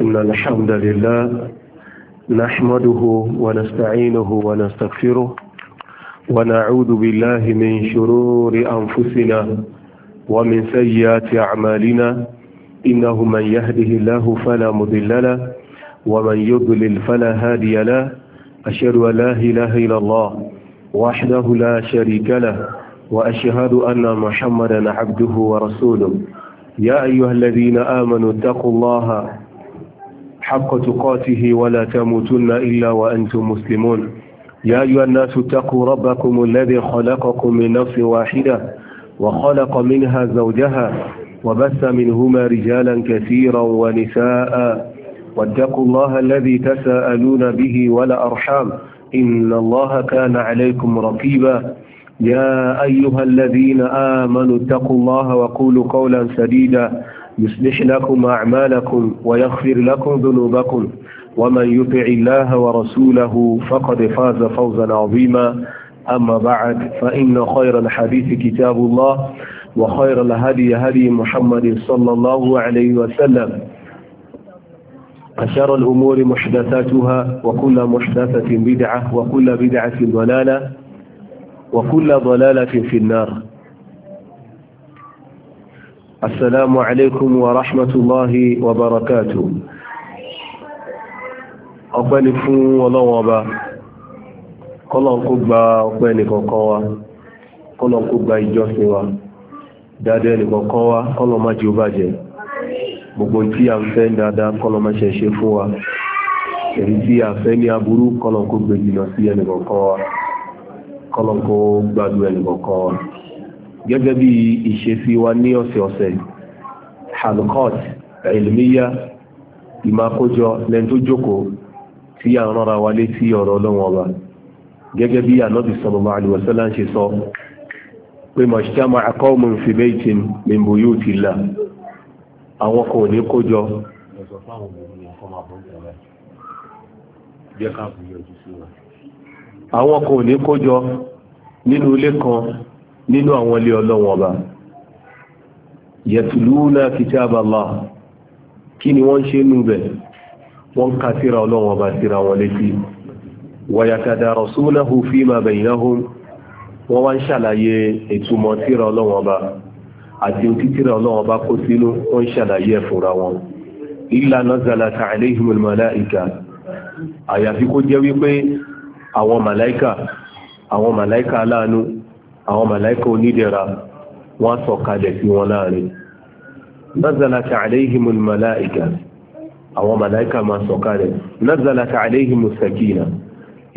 إن الحمد لله نحمده ونستعينه ونستغفره ونعوذ بالله من شرور أنفسنا ومن سيئات أعمالنا إنه من يهده الله فلا مضل له ومن يضلل فلا هادي له أشهد أن لا إله إلا الله وحده لا شريك له وأشهد أن محمدا عبده ورسوله يا أيها الذين آمنوا اتقوا الله حق تقاته ولا تموتن إلا وأنتم مسلمون يا أيها الناس اتقوا ربكم الذي خلقكم من نفس واحدة وخلق منها زوجها وبث منهما رجالا كثيرا ونساء واتقوا الله الذي تساءلون به ولا أرحام إن الله كان عليكم رقيبا يا أيها الذين آمنوا اتقوا الله وقولوا قولا سديدا يصلح لكم أعمالكم ويغفر لكم ذنوبكم ومن يطع الله ورسوله فقد فاز فوزا عظيما أما بعد فإن خير الحديث كتاب الله وخير الهدي هدي محمد صلى الله عليه وسلم أشار الأمور محدثاتها وكل محدثة بدعة وكل بدعة ضلالة وكل ضلالة في النار السلام عليكم ورحمة الله وبركاته أقبل فون والله وبا kọ́lọ̀n kó gba ọpẹ́ nìkọ̀ọ̀kan wa kọ́lọ̀n kó gba ìjọsìn wa dáadáa nìkọ̀ọ̀kan wa kọ́lọ̀n má jẹ́ ó bàjẹ́ gbogbo tí a ń fẹ́ dáadáa kọ́lọ̀n má ṣe ṣe fún wa èyí tí a fẹ́ ní aburú kọ́lọ̀n kó sí ẹnìkọ̀ọ̀kan wa kọ́lọ̀n gbádùn ẹnìkọ̀ọ̀kan wa gẹ́gẹ́ bí ìṣesí wa ní ọ̀sẹ̀ọ̀sẹ̀ halkot ilmiya ìmákójọ lẹ́ni tó jókòó tí a rọra wa létí ọ̀rọ̀ ọlọ́wọ́n ọba gẹ́gẹ́ bí ànábì sallallahu alaihi wasallam ń ṣe sọ pé mọ̀ṣítàmà akọ́ọ̀mù fi baytin min buyutillah àwọn kan ní kójọ àwọn kan ní kójọ nínú ilé kan nínú àwọn ilé ọlọ́wọ́n ọba yẹtùlúùnà kìtàbà Allah kí ni wọ́n ṣe nù bẹ̀ wọ́n ka síra ọlọ́wọ́n ọba síra wọn létí wàyàtàdàrọ̀súnàhù fíìmà bẹ̀yìnáhùn wọ́n wá ń ṣàlàyé ìtumọ̀ síra ọlọ́wọ́n ọba àti ohun títíra ọlọ́wọ́n ọba kó sínú wọ́n ń ṣàlàyé ẹ̀fúnra wọn illa nazalat alaihimul malaika àyàfi kó jẹ́ wípé àwọn màláìkà àwọn màláìkà aláàánú àwọn màláìkà onídẹ̀ra wọ́n sọ kalẹ̀ sí wọn láàrin nazalata alayhim màláìkà àwọn màláìkà máa sọ kalẹ̀ nazalata alayhim sakina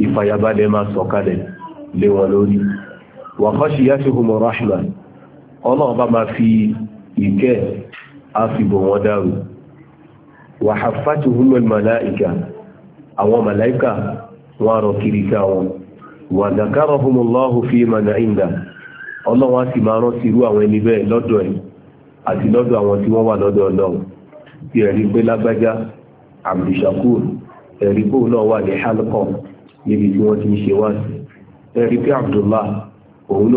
ìfàyàbalẹ̀ máa sọ kalẹ̀ lé wọn lórí wa khashiyatuhum rahman ọlọ́ọ̀bá máa fi ìkẹ́ àfibò wọn dárò wa haffatuhum màláìkà àwọn màláìkà wọn rọ kiri ká wa zakarahumullahu fi man inda ọlọ́run á sì máa rántí irú àwọn ẹni bẹ́ẹ̀ ati ẹ̀ àti lọ́dọ̀ àwọn tí wọ́n wà lọ́dọ̀ ọlọ́run tí ẹ̀rí abdul shakur eri ẹ̀rí pé òun náà halkọ níbi ti ń ṣe wá sí ẹ̀rí pé abdullah òun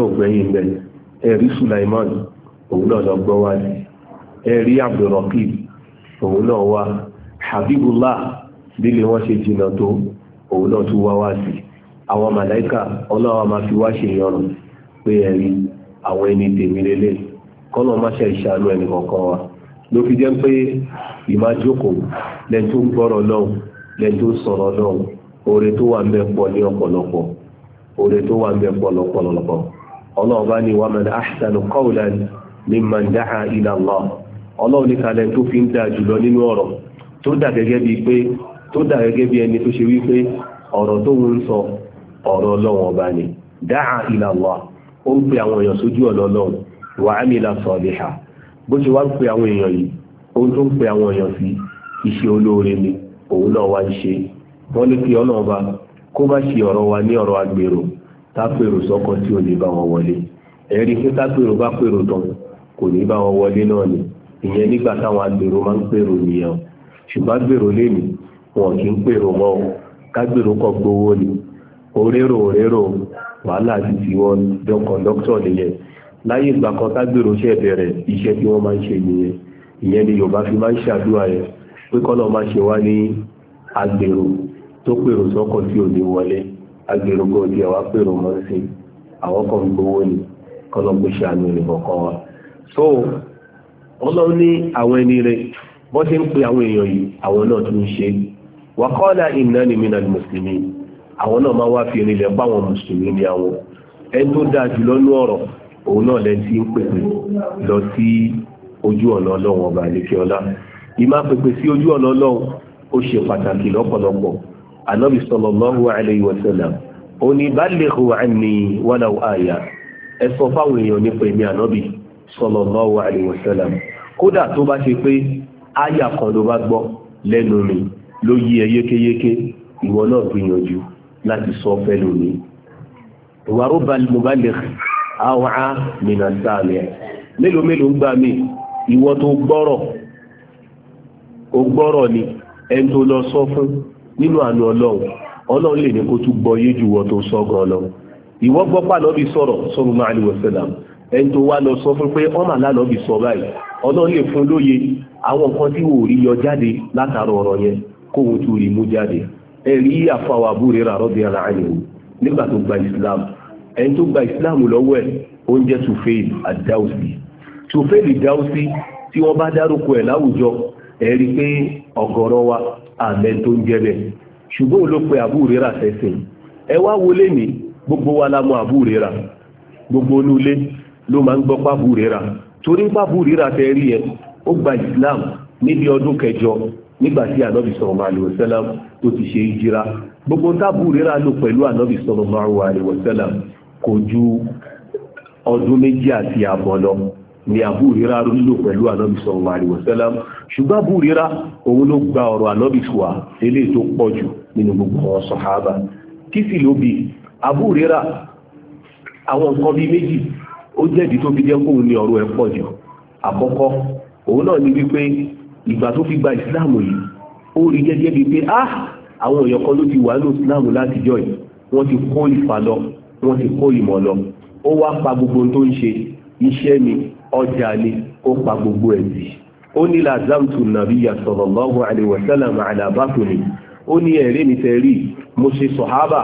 sulaiman àwọn màláìkà ọlọ́wà máa fi wá ṣe ìyọrùn pé ẹ̀rí àwọn ẹni tèmi lélẹ̀ kọ́nà má ṣe ìṣàánú ẹnì kọ̀ọ̀kan wa ló fi jẹ́ pé ìmájókòó lẹ́ni tó ń gbọ́rọ̀ náà lẹ́ni tó ń sọ̀rọ̀ náà oore tó wà ń bẹ pọ̀ ní ọ̀pọ̀lọpọ̀ oore tó wà ń bẹ pọ̀ lọ́pọ̀lọpọ̀ ọlọ́run bá ní wàmán ahsanu qawlan mimman da'a ila Allah ní kalẹ̀ tó fi ń da jùlọ nínú ọ̀rọ̀ tó dà gẹ́gẹ́ bíi pé tó dà gẹ́gẹ́ bíi ẹni tó ṣe wípé ọ̀rọ̀ tó ń sọ ọ̀rọ̀ ọlọ́run ọba ni dáa ila Allah ó ń pè àwọn èèyàn sójú ọ̀nà ọlọ́run wa amila saliha bó ṣe wá ń pè àwọn èèyàn yìí ohun tó ń pè àwọn èèyàn sí iṣẹ́ olóore ni òun náà wá ń ṣe wọ́n ní kí ọlọ́run wa ní ọ̀rọ̀ agbèrò tápèrò sọ́kọ tí ò ní bá wọn wọlé ẹ̀rí tápèrò bá pèrò tán kò ní bá wọn wọlé náà ni ìyẹn nígbà táwọn agbèrò máa ń pèrò nìyẹn ṣùgbọ́n agbèrò wọn kì í pèrò mọ́ kágbèrò orero orero wàhálà ti ti wọ́n jọ kọ̀ǹdọ́kítọ̀ nìyẹn láyé ìgbà kan tágbèrò ṣe bẹ̀rẹ̀ iṣẹ́ tí wọ́n máa ń ṣe nìyẹn ìyẹn ni Yorùbá fi máa ń ṣàdúrà yẹn pé kọ́nà máa ṣe wá ní agbèrò tó pèrò tí ò ní wọlé agbèrò gan ti àwa pèrò mọ́ sí àwọn kan gbowó ni kọ́nà pé ṣe àmì ìrìnbọ̀ kan so ní àwọn ẹni ń pe àwọn èèyàn yìí àwọn náà tún ń ṣe wàkọ́ọ̀dà àwọn náà máa wá fi rinlẹ̀ bá àwọn mùsùlùmí ni àwọn ẹni tó dáa jù lọ́nú ọ̀rọ̀ òun náà lẹ́ni tí ń pèpè lọ sí ojú ọ̀nà ọlọ́run ọba àlekẹ́ ọlá ìmá pèpè sí ojú ọ̀nà ọlọ́run ó ṣe pàtàkì lọ́pọ̀lọpọ̀ anábì sallallahu alayhi wa sallam ó ní ballighu anni walau aya ẹ sọ fáwọn èèyàn sallallahu alayhi wa sallam kódà tó aya kan ló bá gbọ́ lẹ́nu mi ló yí ìwọ náà gbìyànjú láti sọ fẹ́ lónìí ìwàrúbà mubalẹ̀ àwọn mìíràn sáàmì mélòó mélòó ń gbà mí ìwọ tó gbọ́rọ̀ gbọ́rọ̀ ni ẹni tó lọ sọ fún nínú àánú ọlọ́run ọlọ́run lè ní kó tún gbọ́ yé sọ gan lọ ìwọ gbọ́ pà sọ̀rọ̀ sọ́run máa lọ sọ fún pé sọ báyìí ọlọ́run lè fún lóye àwọn nǹkan tí wò rí yọ jáde ẹ̀rí àfàwà àbúrẹ́ rà rọ́bì ara rẹ̀ nígbà tó gba islam ẹni tó gba islam lọ́wọ́ ẹ̀ oúnjẹ tùfẹ́ẹ̀l àdáòsì tùfẹ́ẹ̀l ìdáòsì tí wọ́n bá dárúkọ ẹ̀ láwùjọ ẹ̀rí pé ọ̀gọ̀rọ̀ wa àmẹ́ tó ń jẹ́ ṣùgbọ́n ló pe àbúrẹ́ rà sẹ́sìn ẹ wá wọlé ní gbogbo wa la mọ àbúrẹ́ rà gbogbo onúlé ló máa ń gbọ́ pàbúrẹ́ rà torí pàbúrẹ́ rà tẹ́ rí ẹ ó gba islam níbi ọdún kẹjọ nígbà tí ànábì sallallahu alaihi wasallam tó ti ṣe ìjìra gbogbo tábù rírà lò pẹ̀lú ànábì sallallahu alaihi wasallam kò ju ọdún méjì àti àbọ̀ lọ ni Abu Hurairah lò pẹ̀lú ànábì sallallahu alaihi wasallam ṣùgbọ́n Abu Hurairah òun ló gba ọ̀rọ̀ ànábì fún wa eléyìí tó pọ̀ jù nínú gbogbo Abu Hurairah àwọn nǹkan bíi méjì ó jẹ́dí tó fi jẹ́ kóun ní ọ̀rọ̀ ẹ̀ ìgbà tó fi gba ìsìláàmù yìí ó rí gẹ́gẹ́ bíi pé ah àwọn èèyàn kan ló ti wà ní ìsìláàmù látijọ́ yìí wọ́n ti kó ìfà lọ wọ́n ti kó ìmọ̀ lọ ó wá pa gbogbo tó ń ṣe iṣẹ́ ni ọjà ni ó pa gbogbo ẹ̀ sí ó ní lazamtu nabiyya sallallahu alaihi wasallam ala batni ó ní ẹ̀rí mi tẹ́ rí mo ṣe sọ̀hábà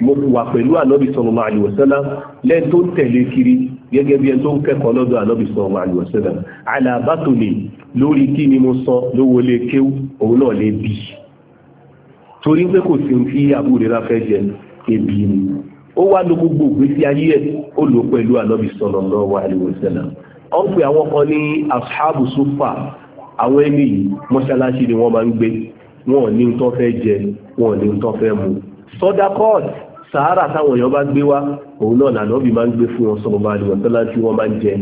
mo wà pẹ̀lú ànábì sallallahu alaihi wasallam lẹ́ni tó tẹ̀lé kiri gẹ́gẹ́ bí ẹ tó ń kẹ́kọ̀ọ́ lọ́dọ̀ ànábì sallallahu alaihi wasallam àlàbátòlè lórí kí ni mo sọ lówó lè kéwú òun náà lè bí torí pé kò sí kí àbúrera fẹ́ jẹ ebi ni ó wá lo gbogbo ìgbésí ayé ẹ̀ ó lò pẹ̀lú ànábì sallallahu alaihi wasallam ọ ń pè àwọn kan ní ashabu sufa àwọn ẹni yìí mọ́ṣáláṣí ni wọ́n máa ń gbé wọn ò ní tó fẹ́ jẹ wọn ò ní tó fẹ́ mu sọdakọ́ọ̀tì sàárà táwọn èèyàn bá gbé wá òun náà lànà bí máa ń gbé fún wọn sọmọ bá lè wọ̀ntán láti wọn máa ń jẹ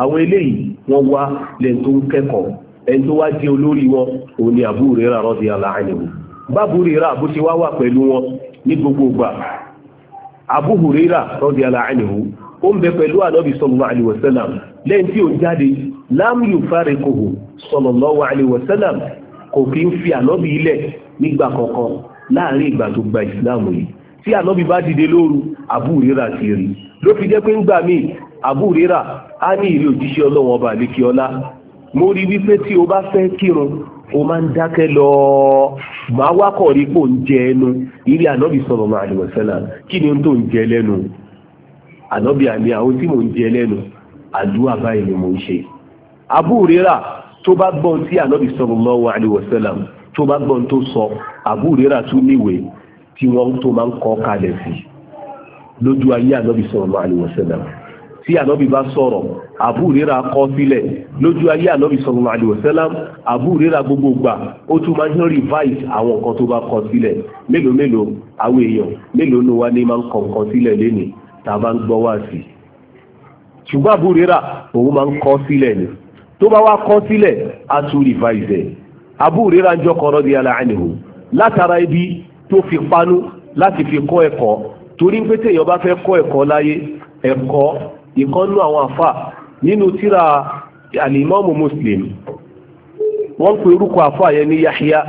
àwọn eléyìí wọ́n wá lẹ́yìn tó ń kẹ́kọ̀ọ́ ẹni tó wá jẹ́ olórí wọn òun ni Abu Hurairah radiyallahu anhu bábù Hurairah bó ti wá wà pẹ̀lú wọn ní gbogbo ìgbà Abu Hurairah radiyallahu anhu ó ń sallallahu alaihi wasallam lẹ́yìn tí ó jáde sallallahu alaihi wasallam kò kí ń fi ànábì ilẹ̀ nígbà kankan láàrin ìgbà tó gba tí ànábì bá dìde lóru àbúrírà ti rí ló fi jẹ́ pé ń gbà míì àbúrírà á ní ìlú òjíṣẹ́ ọlọ́wọ́n ọba àlékí ọlá mo rí wípé tí o bá fẹ́ kírun o máa ń dákẹ́ lọ máa wákọ̀ rí pò ń jẹ ẹnu ilé ànábì sọ̀rọ̀ máa lè wọ̀sẹ́là kí ni ohun tó ń jẹ lẹ́nu ànábì àmì àwọn tí mò ń jẹ lẹ́nu àdúrà báyìí ni mò ń ṣe àbúrírà tó bá gbọ́n tí ànábì sọ̀rọ̀ máa wà lè wọ̀sẹ́là tó bá gbọ́n tó sọ àbúrírà tún níwèé tí wọ́n tó máa ń kọ́ kalẹ̀ sí lójú ayé ànábì sallallahu alaihi wasallam tí ànábì bá sọ̀rọ̀ àbúrírà kọ́ sílẹ̀ lójú ayé ànábì sallallahu alaihi wasallam àbúrírà gbogbo gbà ó tún máa ń revise àwọn nǹkan tó bá kọ́ sílẹ̀ mélòó mélòó àwọn èèyàn mélòó ló wá ní máa ń kọ́ nǹkan sílẹ̀ lénìí tá a bá ń gbọ́ wá sí ṣùgbọ́n àbúrírà òun máa ń kọ́ sílẹ̀ ni tó bá wá kọ́ sílẹ̀ á tún revise àbúrírà ń jọ́ kọ́rọ́ tó fi pánú láti fi kọ́ ẹ̀kọ́ torí pé téèyàn bá fẹ́ kọ́ ẹ̀kọ́ láyé ẹ̀kọ́ ìkọ́nú àwọn àfà nínú tíra alimọ́mù muslim wọ́n pe orúkọ àfà yẹn ní yahya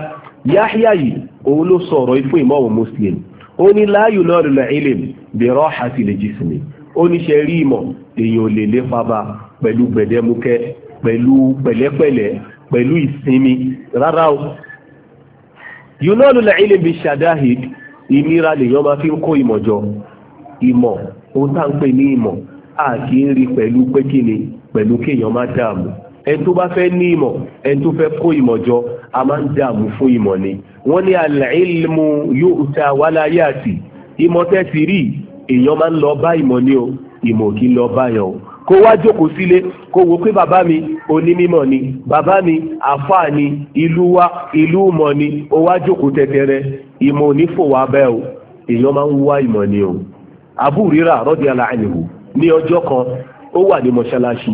yahya yìí òun ló sọ̀rọ̀ ifú ìmọ́mù muslim ó ní láàyò náà lọ́lọ́ ilm bi rahati al-jismi ó ní ṣe rí ìmọ̀ èèyàn lè lépa bá pẹ̀lú gbẹ̀dẹ́mukẹ́ pẹ̀lú pẹ̀lẹ́pẹ̀lẹ́ pẹ̀lú ìsinmi rárá o yunalu lẹ́yìn bí ṣàdáhìd ìnira lèyàn máa fi ń kó ìmọ̀ jọ ìmọ̀ ohun tá ń pè ní ìmọ̀ a kì í rí pẹ̀lú pé kí ni pẹ̀lú kéèyàn má dààmú ẹni tó bá fẹ́ ní ìmọ̀ ẹni tó fẹ́ kó ìmọ̀ jọ a máa ń dààmú fún ìmọ̀ ni wọ́n ní al-ilmu yu'ta wala ya'ti ìmọ̀ tẹ́sí rí èèyàn máa ń lọ bá ìmọ̀ ni o ìmọ̀ kì í lọ báyọ̀ o kó wá jókòó sílé kó wo pé bàbá mi onímọ̀ ni bàbá mi àfáà ni ìlú wa ìlú mọ̀ ni ó wá jókòó tẹ̀tẹ̀rẹ̀ ìmọ̀ ò bẹ́ẹ̀ o èèyàn máa ń wá ìmọ̀ ni o Abu Rira radiyallahu anhu ní ọjọ́ kan ó wà ní mọ́ṣáláṣí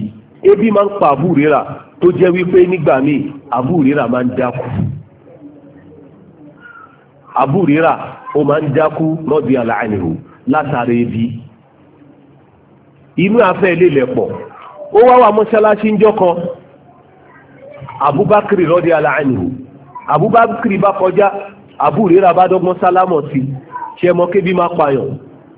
ebi máa ń pa Abu Rira tó jẹ́ wípé nígbà míì Abu Rira máa ń dákú Abu Rira ó máa ń dákú radiyallahu anhu látàrí ebi inú afẹ́ ilé lẹ̀pọ̀ ó wá wà mọ́ṣáláṣí ń jọ́kọ abubakar rọ́dí aláàánú abubakar bá kọjá abúrera bá dọ́gbọ́n sálámọ̀ sí ṣe mọ́ kébí máa pààyàn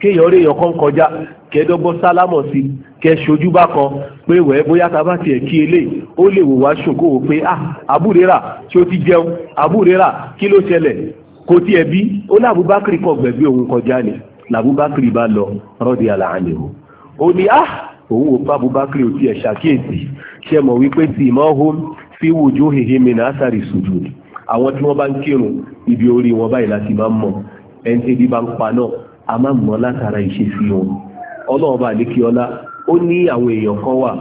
kéèyàn réèyàn kan kọjá kẹ́ẹ́dọ́gbọ́n sálámọ̀ sí kẹ́ ṣojú bá kan pé wẹ́ẹ́ bóyá ta bá tiẹ̀ kí elé ó lè wò wá ṣùn pé ah abúrera tí ó ti jẹun abúrera kí ló ṣẹlẹ̀ kò tiẹ̀ bí ó lábúbákiri kan gbẹ̀gbẹ́ òun kọjá ni làbúbákiri bá lọ rọ́dí aláàánú ó ní ah òun ò bábu bákìrì ò tiẹ̀ ṣàkíyèsí ṣe mọ̀ wípé tí ìmọ̀ home fi wùjú hehe mìíràn àtàrí sùjúd àwọn tí wọ́n bá ń kírun ibi orí wọn báyìí láti máa ń mọ̀ ẹni tí ebi bá ń pa náà a máa ń mọ̀ látara ìṣesí wọn ọlọ́run bá lékè ọlá ó ní àwọn èèyàn kan wà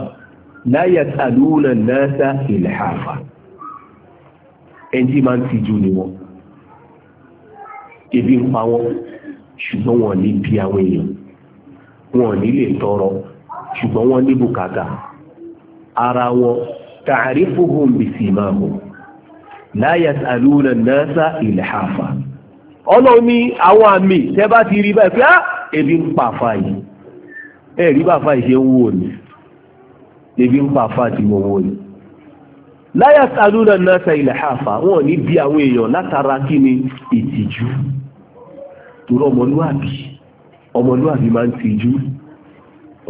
láyà tàlúùnà náà ìlẹ̀hàfà ẹni tí máa ń tijú ni wọn ebi ń pa wọn ṣùgbọ́n wọn ní bí àwọn èèyàn wọn ò ní lè tọrọ ṣùgbọ́n wọ́n ní bùkátà ara wọn ta'rifuhum bisimahum la yas'aluna an-nasa ilhafa ọlọ́run ní àwọn àmì tẹ́ bá ti rí báyìí pé á ah, ebi ń pa àfa yìí ẹ rí bàfà ìṣe ń wò ní ebi ń pa àfa tí mo wò ní la yas'aluna an-nasa ilhafa wọn ò ní bí àwọn èèyàn látara kí ni ìtìjú torí ọmọlúwàbí ọmọlúwàbí máa ń tijú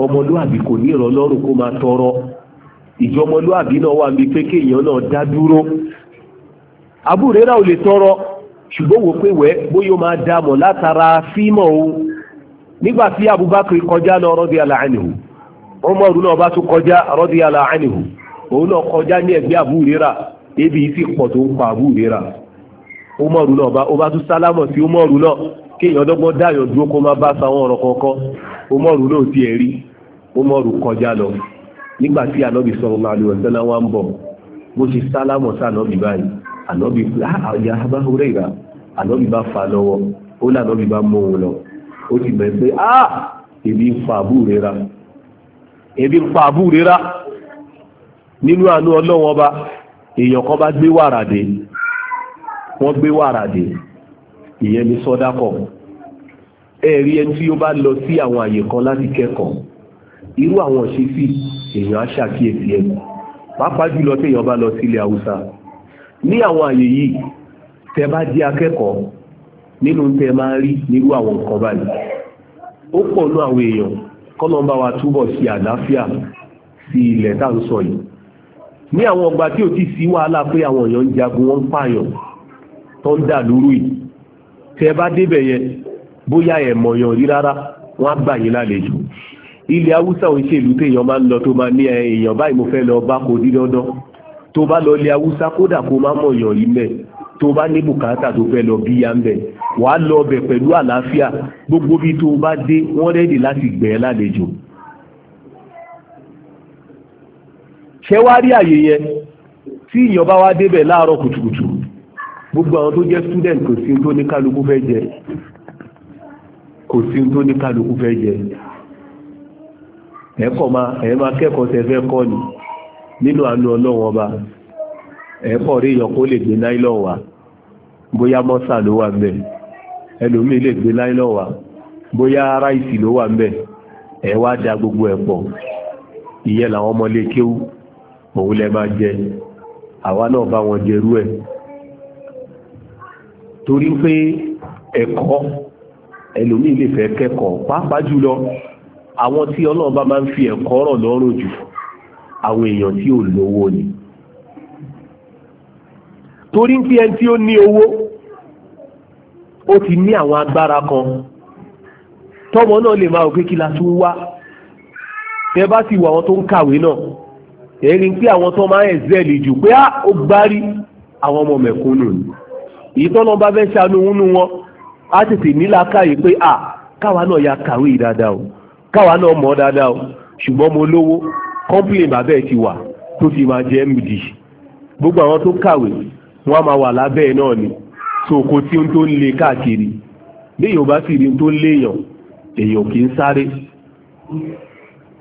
ọmọlúwàbí kò ní ìrọlọ́rùn kó máa tọrọ ìjọmọlúwàbí náà wà ní pé kéèyàn náà dá dúró abúrérà ò lè tọrọ ṣùgbọ́n wò pé wẹ́ bóyá ó máa dámọ̀ látara fíìmọ̀ o nígbà tí Abubakar kọjá lọ rọ́dí aláàánihù Umaru náà bá tún kọjá rọ́dí aláàánihù òun náà kọjá ní ẹ̀gbẹ́ abúrérà ebi sì pọ̀ tó ń pa abúrérà Umaru náà ó bá tún sálámọ̀ sí Umaru náà kéèyàn ọdọ́gbọ́n dáyọ̀ dúró kó má bá sáwọn ọ̀rọ̀ kọ̀ọ̀kan ó náà ti ẹ̀rí rí kọjá lọ nígbàtí tí sọ̀rọ̀ máa lè náà wá ń bọ̀ bó ṣe sálámọ̀ sí báyìí ah, ah, bá rẹ̀ ìrà bá fa lọ́wọ́ ó ní bá òun lọ ó ti bẹ̀ pé ah èmi ń fa àbú èmi ń fa àbú nínú àánú èèyàn kan bá gbé wọ́n gbé ìyẹn ni sọ́dákọ̀ ẹ̀rí ẹni tí ó bá lọ sí àwọn àyè kan láti kẹ́kọ̀ọ́ irú àwọn ìṣesí èèyàn á ṣàkíyèsí ẹ̀ pàápàá jùlọ téèyàn bá lọ sílẹ̀ haúsá ní àwọn àyè yìí tẹ bá jẹ́ akẹ́kọ̀ọ́ nínú tẹ máa rí nírú àwọn nǹkan báyìí ó pọ̀ nú àwọn èèyàn kọ́nà bá wa túbọ̀ ṣe àlàáfíà sí ilẹ̀ tá ń sọ yìí ní àwọn ọgbà tí ò ti sí wàhálà pé àwọn èèyàn ń jagun wọn ń pààyàn tó ń dà lóru yìí tẹ́ bá débẹ̀ yẹn bóyá ẹ̀ mọ̀yàn rí rárá wọ́n á gbà yín lálejò ilẹ̀ haúsá òun ṣèlú téèyàn máa ń lọ tó máa ní èèyàn báyìí mo fẹ́ lọ bá kò dí dandan tó bá lọ ilẹ̀ haúsá kódà kó má mọ̀yàn yìí mẹ́ tó bá ní bùkátà tó fẹ́ lọ bí ya ń bẹ̀ wà lọ bẹ̀ pẹ̀lú àlàáfíà gbogbo bí tó bá dé wọ́n rẹ́dì láti gbẹ̀ ẹ́ lálejò ṣẹ́wárí àyè yẹn tí ìyàn bá wá débẹ̀ láàárọ̀ kùtùkùtù gbogbo àwọn tó jẹ́ student kò sí tó ní kálukú fẹ́ jẹ kò sí tó ní kálukú fẹ́ jẹ ẹ̀kọ́ ma ẹ̀ máa kẹ́kọ̀ọ́ tẹ fẹ́ kọ́ ni nínú àánú ọlọ́run ọba ẹ̀kọ́ rí èèyàn kó lè gbé náílọ̀ wá bóyá mọ́sà ló wà ń bẹ̀ ẹlòmíì lè gbé náílọ̀ wá bóyá ráìsì ló wà ń bẹ̀ ẹ̀ wá da gbogbo ẹ̀ pọ̀ ìyẹn làwọn ọmọ lè kéwú òun lẹ máa jẹ àwa náà bá wọn jẹrú ẹ̀ torí pé ẹ̀kọ́ ẹlòmíì lè fẹ́ kẹ́kọ̀ọ́ pàápàá jùlọ àwọn tí ọlọ́run bá máa ń fi ẹ̀kọ́ rọ̀ lọ́rùn jù àwọn èèyàn tí ò lówó ni torí pé ẹni tí ó ní owó ó ti ní àwọn agbára kan tọ́mọ náà lè máa òkè kí la tún wá tẹ́ bá sì wọ àwọn tó ń kàwé náà ẹ̀rí pé àwọn tó máa ń ẹ̀zẹ́ẹ̀lì jù pé ah, ó gbárí àwọn ọmọ mẹ̀kúnnù ni. ìtọ́nà tọ́lọ́ bá fẹ́ ṣàánú nínú wọn á tètè pé à káwa náà ya kàwé dáadáa o káwa náà mọ̀ dáadáa o ṣùgbọ́n mo lówó complain bàbá ẹ̀ ti wà tó fi máa jẹ́ md gbogbo àwọn tó kàwé wọn a máa wà ni tí n tó ń le káàkiri bá sì rí n tó ń léèyàn èèyàn kì í sáré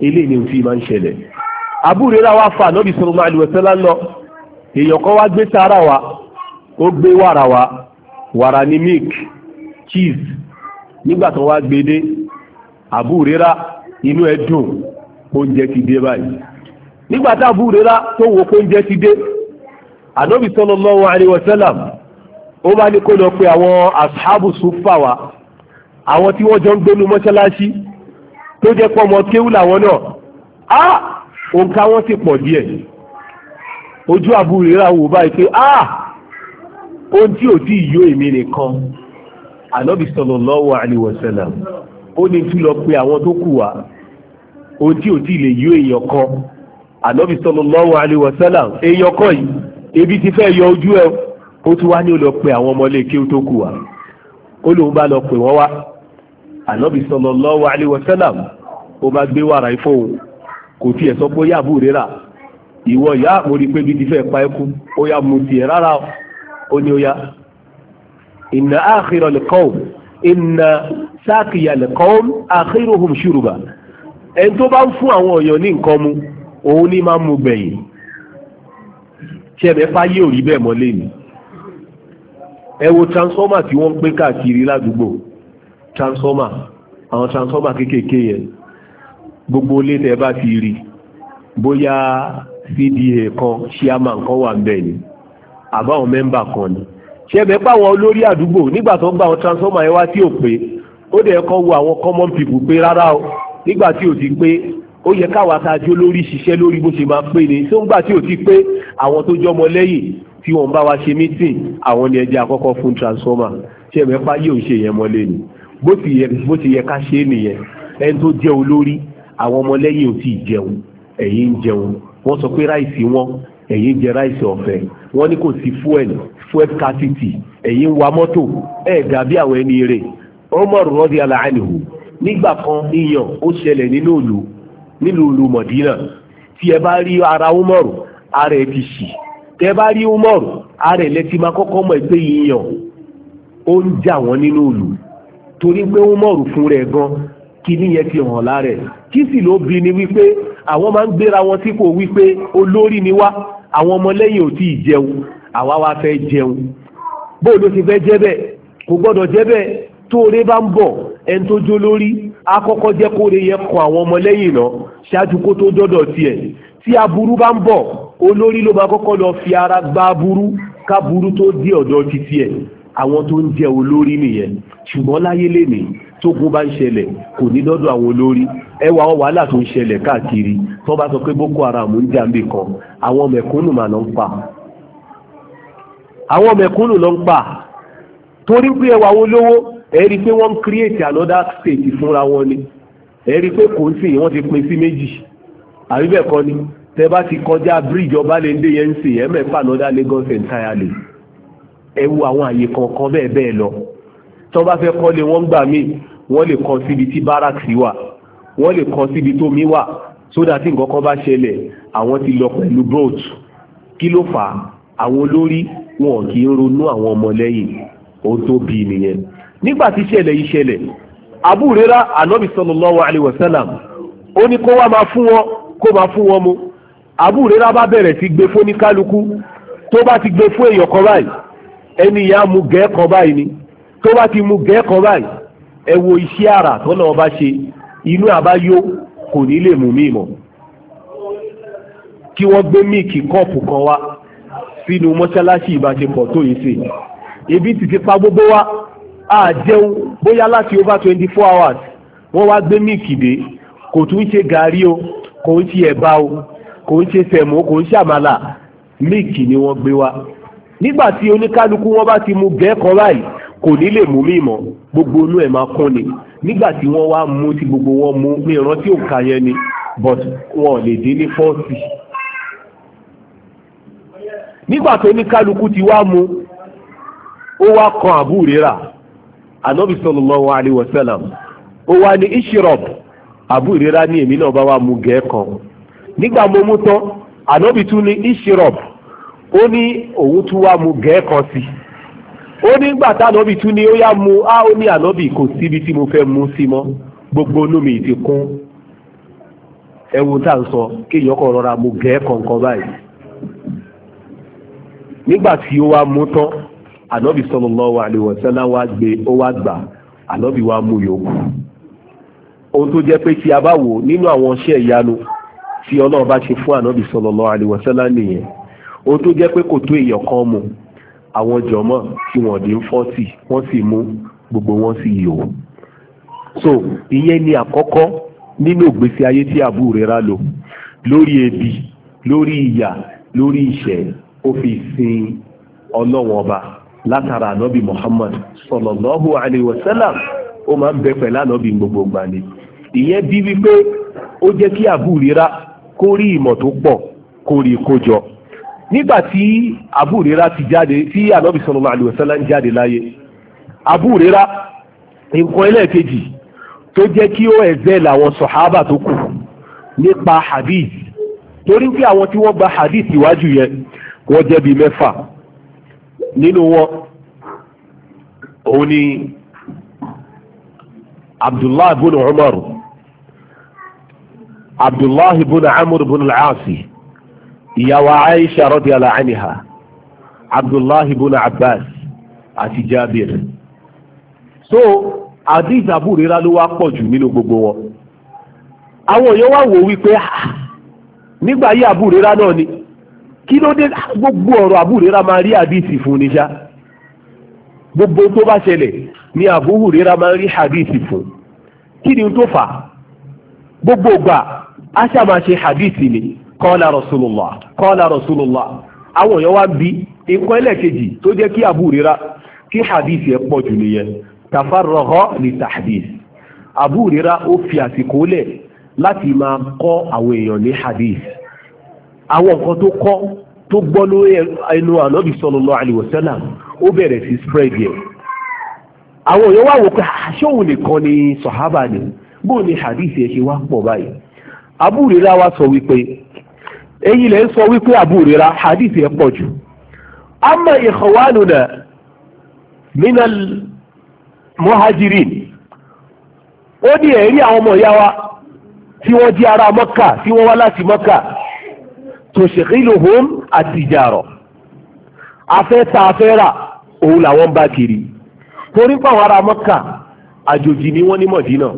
eléyìí ni òfin máa ń ṣẹlẹ̀ sọ̀rọ̀ wa ó gbé wàrà wá wàrà ní milk cheese nígbà tó wá gbédé àbúrérà inú ẹ̀ dùn oúnjẹ ti dé báyìí nígbà tá tó wo oúnjẹ ti dé ànábì sallallahu alaihi wasallam ó bá ní kó lọ pé àwọn ashabu suffa wa àwọn tí wọ́n jọ ń gbénu mọ́ṣáláṣí tó jẹ́ pọ́ ọmọ kéwú làwọn náà á òǹkà wọn ti pọ̀ díẹ̀ ojú àbúrérà wò báyìí pé á ó dí òdí ìyó èmi nìkan ànábì sallallahu alaihi wasallam ó ní tún lọ pé àwọn tó kù wá ó dí òdí lè yó èèyàn kan ànábì sallallahu alaihi wasallam èèyàn kan yìí ebi ti fẹ́ yọ ojú ẹ ó tún wá ní ó lọ pé àwọn ọmọlé kí ó tó kù wá ó lóun bá lọ pè wọ́n wá ànábì sallallahu alaihi wasallam ó bá gbé wàrà ifóhun kò tiẹ̀ sọ pé ó yà bú rírà ìwọ ìyá àpòrí ó ní ó yá ìnà àkìrọ̀ lẹ́kọ́ọ̀m ìnà sáàkìyà lẹ́kọ́ọ̀m àkìrọ̀hùn ṣùrùbà ẹni tó bá ń fún àwọn ọ̀yàn ní nǹkan mu òun ní máa ń mu gbẹ̀yìn ṣẹ̀mẹ́fà yé òrí bẹ́ẹ̀ mọ́ lẹ́nu ẹ wo transformer tí wọ́n ń pín káàkiri ládùúgbò transformer àwọn transformer kéékèèké yẹn gbogbo ilé tẹ́ bá ti rí bóyá cda kan ṣíàmà nǹkan wà ń bẹ̀ àbáwọn mẹ́mbà kan ni ṣẹ́bẹ̀ páwọn olórí àdúgbò nígbà tó gba àwọn transformer ẹ tí ò pé ó dẹ̀ kọ́ wo àwọn common people pé rárá o nígbà tí ò ti pé ó yẹ káwa tá a jó lórí ṣiṣẹ́ lórí bó ṣe máa pé ni tó ń gbà tí ò ti pé àwọn tó jọmọ lẹ́yìn tí wọ́n bá wa ṣe meeting àwọn ni ẹja àkọ́kọ́ fún transformer ṣẹ́bẹ̀ pa yóò ṣe yẹn mọ́lé ni bó ti yẹ ká ṣe é nìyẹn ẹni tó jẹ́ olórí àwọn ọmọlẹ́yìn ò tí jẹun ẹ̀yin jẹun wọ́n sọ pé ráìsì wọn ẹ̀yin jẹ ráìsì ọ̀fẹ́ wọ́n ní kò sí fuel fuel scarcity ẹ̀yin wa mọ́tò ẹ̀ dàbí àwọn ẹni rẹ̀ Umar radiyallahu anhu nígbà kan iyàn ó ṣẹlẹ̀ nínú òlu nílùú òlu Mọ̀dínà tí ẹ bá rí ara Umar ara ẹ ti ṣì tẹ bá rí Umar ara ẹ lẹ́tí máa kọ́kọ́ mọ̀ pé iyàn ó ń jà wọ́n nínú òlu torí pé Umar fún rẹ̀ gan kíní yẹn ti hàn lára ẹ̀ kí sì ló bí ni wípé àwọn máa ń gbéra wọn sípò wípé olórí ni wá àwọn ọmọlẹ́yìn ò tí ì jẹun àwa wá fẹ́ jẹun bó ló ti fẹ́ jẹ́ bẹ́ẹ̀ kò gbọ́dọ̀ jẹ́ bẹ́ẹ̀ tóore bá ń bọ̀ ẹni tó jó lórí akọ́kọ́ jẹ́ kóore yẹn kan àwọn ọmọlẹ́yìn náà ṣáájú kó tó dọ́dọ̀ tiẹ̀ tí aburú bá ń bọ̀ olórí ló máa kọ́kọ́ lọ fi ara gba aburú káburú tó dé ọ̀dọ̀ titi ẹ̀ àwọn tó ń jẹ olórí nìyẹn ṣùgbọ́n láyé lénìí tógun bá ń ṣẹlẹ̀ kò ní lọ́dọ̀ àwọn olórí ẹwà àwọn wàhálà tó ń ṣẹlẹ̀ káàkiri tó bá sọ pé boko haram ń jàǹbì kan àwọn mẹ̀kúnnù mà lọ ń pa àwọn mẹ̀kúnnù lọ ń pa torí pé ẹwà olówó ẹ̀rí pé wọ́n ń create another state fúnra wọn ni ẹ̀rí pé kò ń sìn wọ́n ti pín sí méjì àbí bẹ́ẹ̀ kọ́ ni tẹ bá ti kọjá bridge ọbalẹ̀ndé yẹn ń sìn ẹ̀ mẹ́fà another Lagos entirely ẹ wo àwọn àyè kọ̀ọ̀kan bẹ́ẹ̀ bẹ́ẹ̀ lọ tó bá fẹ́ kọ́lé wọ́n gbà míì wọ́n lè kọ́ síbi tí barracks wà wọ́n lè kọ́ síbi tó mi wà sódà tí nǹkan kan bá ṣẹlẹ̀ àwọn ti lọ pẹ̀lú boat kí ló fà àwọn olórí wọn kì í ronú àwọn ọmọlẹ́yìn ohun tó bí nìyẹn nígbà tí ṣẹlẹ̀ yìí ṣẹlẹ̀ Abu Huraira anabi sallallahu alayhi wa sallam ó ní kó wá máa fún wọn kó máa fún wọn mu Abu Huraira bá bẹ̀rẹ̀ sí gbé fún oníkálukú tó bá ti gbé fún èèyàn kan báyìí ẹni ìyá mu gẹ́ẹ́ kan báyìí ni tó bá ti mu gẹ́ẹ́ kan báyìí ẹ wo iṣẹ́ àrà tọ́nà ọba ṣe inú àbáyọ kò ní lè mú mi mọ́ kí wọ́n gbé míìkì kọ́ọ̀pù kan wá sínú mọ́ṣáláṣí ìbáṣepọ̀ tó yìí ṣe ibi ti pa gbogbo wa a jẹun bóyá láti over twenty four hours wọ́n wá gbé míìkì dé kò tún ṣe gàrí o kò ń ṣe ẹ̀bà o kò ń ṣe sẹ̀mó kò ń ṣàmàlà míìkì ni wọ́n gbé wá nígbà tí oníkálukú wọn bá ti mu bẹ́ẹ̀ báyìí kò ní lè mú mí mọ́ gbogbo inú ẹ̀ máa kún ni nígbà tí wọ́n wá mú tí gbogbo wọn mú ní ìrántí òǹkà yẹn ni but wọn ò lè dín ní fọ́ọ̀sì nígbà tó ní kálukú ti wá mú ó wá kan àbúrérà ànábì sallallahu alaihi wasallam ó wá ní ishirop àbúrérà ní èmi náà bá wá mú gẹ̀ẹ́ kan nígbà mo mú tán ànábì tún ní ishirop ó ní òun tún wá mú gẹ̀ẹ́ kan sí i ó nígbà tánàbì tún ni ó yá mu á ó ní ànábì kò síbi tí mo fẹ́ mu sí mọ́ gbogbo inú mi ti kún ẹwu tá à ń sọ kéèyàn kọ̀ rọra mu gẹ́ kọ̀ọ̀kan báyìí nígbà tí ó wá mú tán ànábì sallallahu alaihi wasallam wá gbé ó wá gbà ànábì wá mú yòókù ohun tó jẹ́ pé tí a bá wò nínú àwọn iṣẹ́ ìyanu tí ọlọ́run bá ṣe fún ànábì sallallahu alaihi wasallam nìyẹn ohun tó jẹ́ pé kò tó èèyàn kan mu àwọn jọmọ́ tí wọ́n dín fọ́tì wọ́n sì mú gbogbo wọn sì yò so ìyẹn ni àkọ́kọ́ nínú ìgbésí ayé tí Abu Huraira lò lórí ebi lórí ìyà lórí ìṣẹ́ ó fi sin ọlọ́wọ́n ọba látara ànábì Muhammad sallallahu alayhi wa sallam ó máa ń bẹ pẹ̀lú ànábì gbogbo gbà ni ìyẹn bí wípé ó jẹ́ kí Abu Huraira kó ìmọ̀ tó pọ̀ kó rí nígbà abu abúrera ti jáde tí anabi sallallahu alaihi wasallam ń jáde láyé abúrera nǹkan ẹlẹ́ẹ̀kejì tó jẹ́ kí ó ẹ̀zẹ́ làwọn sọ̀hábà tó kù nípa hadith torí pé àwọn tí wọ́n gba hadith iwájú yẹn wọ́n jẹ́ bi mẹ́fà nínú wọn òun ni abdullahi ibn umar abdullahi ibn amr ibn al ìyàwó Aisha radiyallahu anha Abdullahi ibn Abbas àti Jabir so hadith Abu Hurairah ló wá pọ̀ jù nínú gbogbo wọn àwọn èèyàn wá wò wípé ah, nígbà yí Abu Hurairah náà ni kí ló dé gbogbo ọ̀rọ̀ Abu Hurairah ma rí hadith fún ni ṣá gbogbo tó bá ṣẹlẹ̀ ni Abu Hurairah máa rí hadith fún kí ni tó fà gbogbo gbà aṣá máa ṣe hadith ni kọ́lá rasulullah kọ́lá rasulullah àwọn bí nǹkan ẹlẹ́ẹ̀kejì tó jẹ́ kí Abu Huraira kí hadith ẹ pọ̀ jù nìyẹn tafarraha li tahdith Abu Huraira ó fi àsìkò lẹ̀ láti máa kọ́ àwọn èèyàn ní hadith àwọn nǹkan tó kọ́ tó gbọ́ lórí ẹnu ànábì ó bẹ̀rẹ̀ sí spread yẹn àwọn wò pé ah, nìkan ni sọ̀hábà ni bóun ni hadith ṣe wá pọ̀ èyí lè sọ wípé àbúrera hadith yẹn pọ̀ jù amma ikhwanuna minal muhajirin ó ní ẹ̀rí àwọn ọmọ ìyá wa tí wọ́n jẹ́ ara mọ́kà tí wọ́n wá láti mọ́kà tushghiluhum at-tijara afẹ́ ta afẹ́ rà òun làwọn bá kiri torí pé àwọn ará mọ́kà àjòjì ni wọ́n ní mọ̀dínà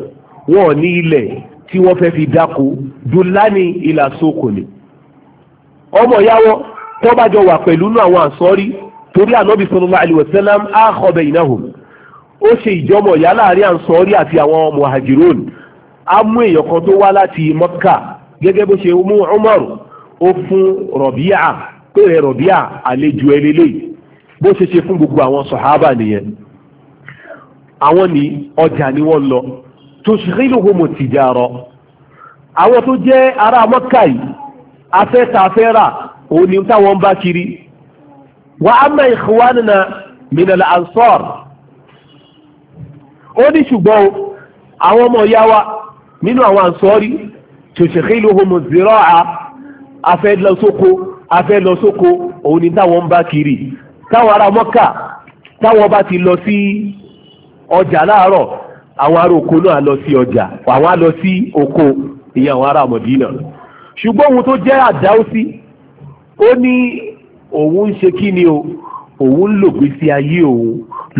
wọ́n ní ilẹ̀ tí wọ́n fẹ́ fi dáko dùn lánìí ìlà sókò ni ọmọ ìyá wọn tó bá jọ wà pẹ̀lú nínú àwọn àǹsọ́rí torí ànábì sallallahu alaihi wasallam akha bainahum ó ṣe ìjọmọ̀ ìyá láàrin àǹsọ́rí àti àwọn muhajirun á mú èèyàn kan tó wá láti Mọ́kà gẹ́gẹ́ bó ṣe mú Umar ó fún Rọ̀bíà pé rẹ̀ Rọ̀bíà àlejò ẹlẹ́lẹ́yìí bó ṣe ṣe fún gbogbo àwọn sọ̀hábà nìyẹn àwọn ní ọjà ni wọ́n lọ tó ṣe rí mọ̀ tìjà rọ àwọn tó jẹ́ ará Mọ́kà yìí afẹ́ta afẹ́ra òun ni táwọn bá kiri wa amma ikhwanuna minal ansar ó ní ṣùgbọ́n àwọn ọmọ ìyá wa nínú àwọn ansọ́rí tushkhiluhum az-zira'a afẹ́ lọ sóko afẹ́ lọ sóko òun ni táwọn bá kiri táwọn ará mọ́kà táwọn bá ti lọ sí ọjà láàárọ̀ àwọn ará oko náà lọ sí ọjà àwọn á lọ sí oko ìyá àwọn ará mọ̀dínà ṣùgbọ́n ohun tó jẹ́ àdáwọ́sí ó ní òun ń ṣe kí ni o òun ń lò gbèsè ayé òun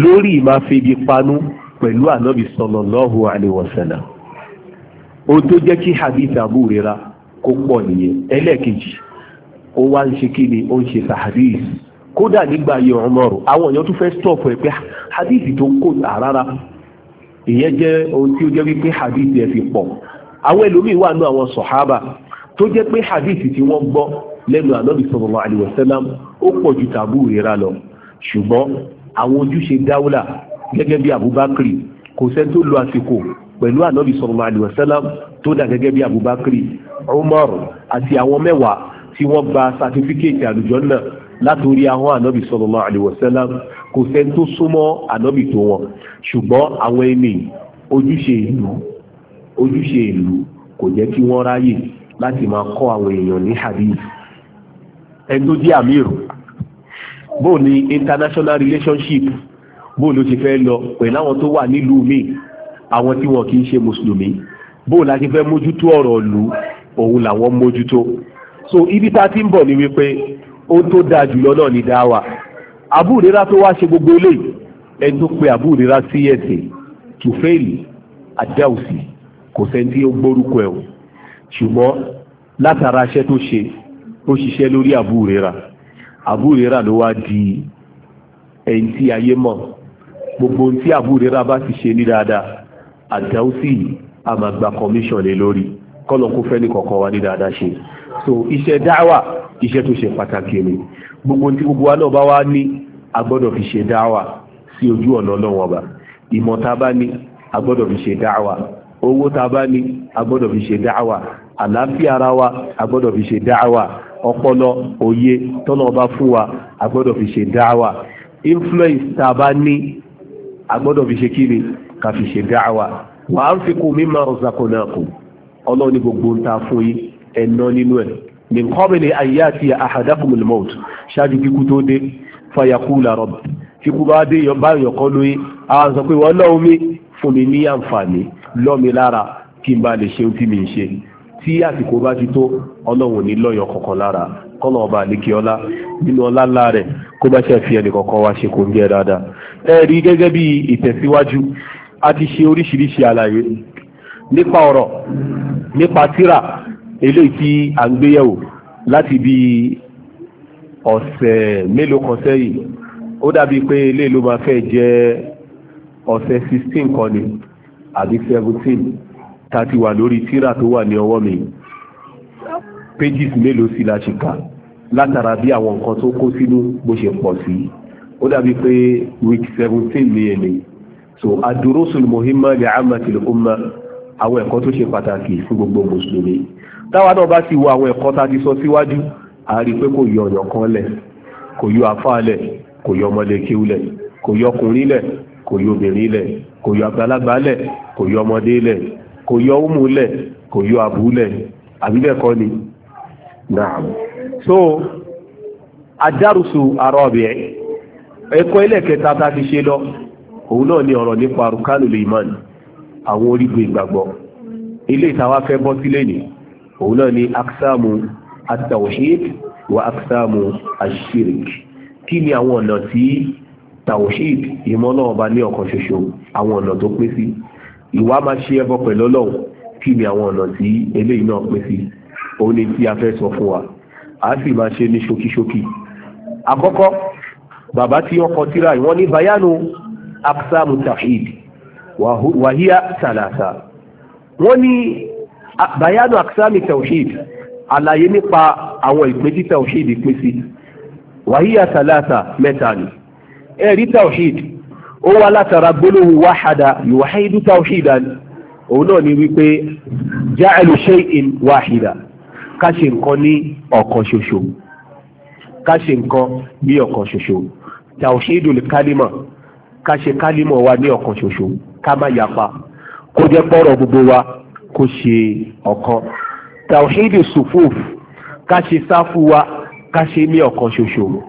lórí ìmáfebi panú pẹ̀lú ànábì sallallahu alaihi wasallam ohun tó jẹ́ kí hadith Abu Huraira kó pọ̀ nìyẹn ẹlẹ́ẹ̀kejì ó wá ń ṣe kí ni ó ń ṣe sahadis kódà nígbà yẹ Umar àwọn èèyàn tún fẹ́ stop ẹ pé hadith tó kò rárá ìyẹn jẹ́ ohun tí ó jẹ́ wípé hadith ẹ fi pọ̀ àwọn ẹlòmíín wà nú àwọn sọ̀hábà tó jẹ́ pé hadith tí wọ́n gbọ́ lẹ́nu ànábì sallallahu alaihi wasallam ó pọ̀ ju tàbú ìrera lọ ṣùgbọ́n àwọn ojúṣe dáúlà gẹ́gẹ́ bí abubakri kò sẹ́ni tó lo àsìkò pẹ̀lú ànábì sallallahu alaihi wasallam tó dà gẹ́gẹ́ bí abubakri umar àti àwọn mẹ́wàá tí wọ́n gba sátífíkẹ́ẹ̀tì àlùjànnà látòrí ahọ́n ànábì sallallahu alaihi wasallam kò sẹ́ni tó súnmọ́ ànábì tó wọn ṣùgbọ́n àwọn ẹni ojúṣe ìlú ojúṣe ìlú kò jẹ́ kí wọ́n ráyè láti máa kọ́ àwọn èèyàn ní hadith ẹni tó jẹ́ àmírù bó ni international relationship bó ló ṣe fẹ́ lọ pẹ̀lú àwọn tó wà nílùú mi àwọn tí wọn kì í ṣe mùsùlùmí bó la ṣe fẹ́ mójútó ọ̀rọ̀ ìlú òun làwọn mójútó so ibi tá a ti ń bọ̀ ni wípé ó tó dáa jùlọ náà ní dáwà abúrera tó wá ṣe gbogbo eléyìí ẹni tó pe abúrera sí ẹsẹ̀ tùfẹ́ẹ̀lì àdáòsì kò sẹ́ni tí ó gbórúkọ ẹ̀ ṣùgbọ́n látara aṣẹ́ tó ṣe ó ṣiṣẹ́ lórí àbúrera àbúrera ló wá di ẹni tí ayé mọ̀ gbogbo ohun tí àbúrera bá ti ṣe ní dáadáa àdáwùsí àmàgbà commission lé lórí kọ́lọ̀ kó fẹ́ ní kọ̀ọ̀kan wa ní dáadáa ṣe so iṣẹ́ dáwà iṣẹ́ tó ṣe pàtàkì ni gbogbo ohun tí gbogbo wa náà bá wá ní a gbọ́dọ̀ fi ṣe dáwà sí ojú ọ̀nà ọlọ́wọ́n ọba ìmọ̀ bá ní a gbọ́dọ̀ fi ṣe dáwà owó tàbá ní agbọ́dọ̀ fi ṣe dáàwà àlàáfíà ara wa agbọ́dọ̀ fi ṣe dáàwà ọpọlọ òye tọ́nà ọba fún wa agbọ́dọ̀ fi ṣe dáàwà influence tàbá ní agbọ́dọ̀ fi ṣe kí ni ká fi ṣe dáàwà wa anfiqu mimma razaqnakum ọlọ́run ní gbogbo ń ta fún yín ẹ̀nà nínú ẹ̀ ní qabli an ya'tiya ahadakumul mawt ṣáájú kíkú tó dé fayaqula rabbi kíkú bá dé báyọ̀ kọ́ lóyún àwọn sọ pé wọ́n fún mi ní àǹfààní lọ́mi lára kí n bá lè ṣe tí mi ṣe tí àsìkò bá ti tó ọlọ́run ní lọ́yọ̀ kọ̀ọ̀kan lára kọ́nà ọba àlékè ọlá nínú ọlá ńlá rẹ̀ kó bá ṣe fi ẹnì kọ̀ọ̀kan wá ṣe kò ń jẹ́ dáadáa ẹ rí gẹ́gẹ́ bí ìtẹ̀síwájú a ti ṣe oríṣiríṣi àlàyé nípa ọ̀rọ̀ nípa tírà eléyìí tí a ń gbéyẹ̀wò láti bí ọ̀sẹ̀ mélòó kan sẹ́yìn ó dàbí pé eléyìí ló máa fẹ́ jẹ́ ọ̀sẹ̀ sixteen kan ni àbí seventeen ta ti wà lórí tírà tó wà ní ọwọ́ mi pages mélòó sí la ṣe kà látara bí àwọn nǹkan tó kó sínú bó ṣe pọ̀ sí ó dàbí pé week seventeen ní ẹ̀lẹ́ so adurusul muhimma li amatil umma àwọn ẹ̀kọ́ tó ṣe pàtàkì fún gbogbo mùsùlùmí táwa náà bá ti wo àwọn ẹ̀kọ́ tá a ti sọ síwájú a rí i pé kò yọ ọ̀yàn kan lẹ̀ kò yọ àfáà lẹ̀ kò yọ ọmọlẹ́kíw lẹ̀ kò yọ ọkùnrin lẹ̀ kò yọ obìnrin lẹ̀ kò yọ àgbàlagbà lẹ̀ kò yọ ọmọdé lẹ̀ kò yọ ọmú lẹ̀ kò yọ àbú lẹ̀ àbíbẹ̀kọ́ ni naam so adárusu arọ́bì ẹ̀kọ́ ẹlẹ́kẹta tá a ti ṣe lọ òun náà ni ọ̀rọ̀ nípa rukanul iman àwọn orígun ìgbàgbọ́ ilé ìtawà fẹ́ bọ́ sílé ni òun náà ni aksamu atawhid wa aksamu ashirik kí ni àwọn ọ̀nà tí tawhid ìmọ̀ náà bá ní ọ̀kan ṣoṣo àwọn ọ̀nà tó pín sí ìwà máa ṣe ẹbọ pẹ̀lú ọlọ́run kí ni àwọn ọ̀nà tí eléyìí náà pín sí òun ni tí a fẹ́ sọ fún wa a sì máa ṣe ní ṣókíṣókí àkọ́kọ́ bàbá tí wọ́n kọ tírà ìwọ́n ní bayanu aksamu tawhid wàhíà tàlàtà wọ́n ní bayanu aksamu tawhid àlàyé nípa àwọn ìpín tí pín sí wàhíà tàlàtà mẹ́ta ni ẹ̀rí tawhid ó wá látara gbólóhùn wáhada yuwahidu tawhidan òun náà ni wípé ja'alu shay'in wahida ká ṣe nǹkan ní ọ̀kan ṣoṣo ká ṣe nǹkan ní ọ̀kan ṣoṣo tawhidul kalima ká ṣe kalima wa ní ọ̀kan ṣoṣo ká má yapa kó jẹ́ pọ́rọ̀ gbogbo wa kó ṣe ọ̀kan tawhidul sufuf ká ṣe sáfù wa ká ṣe ní ọ̀kan ṣoṣo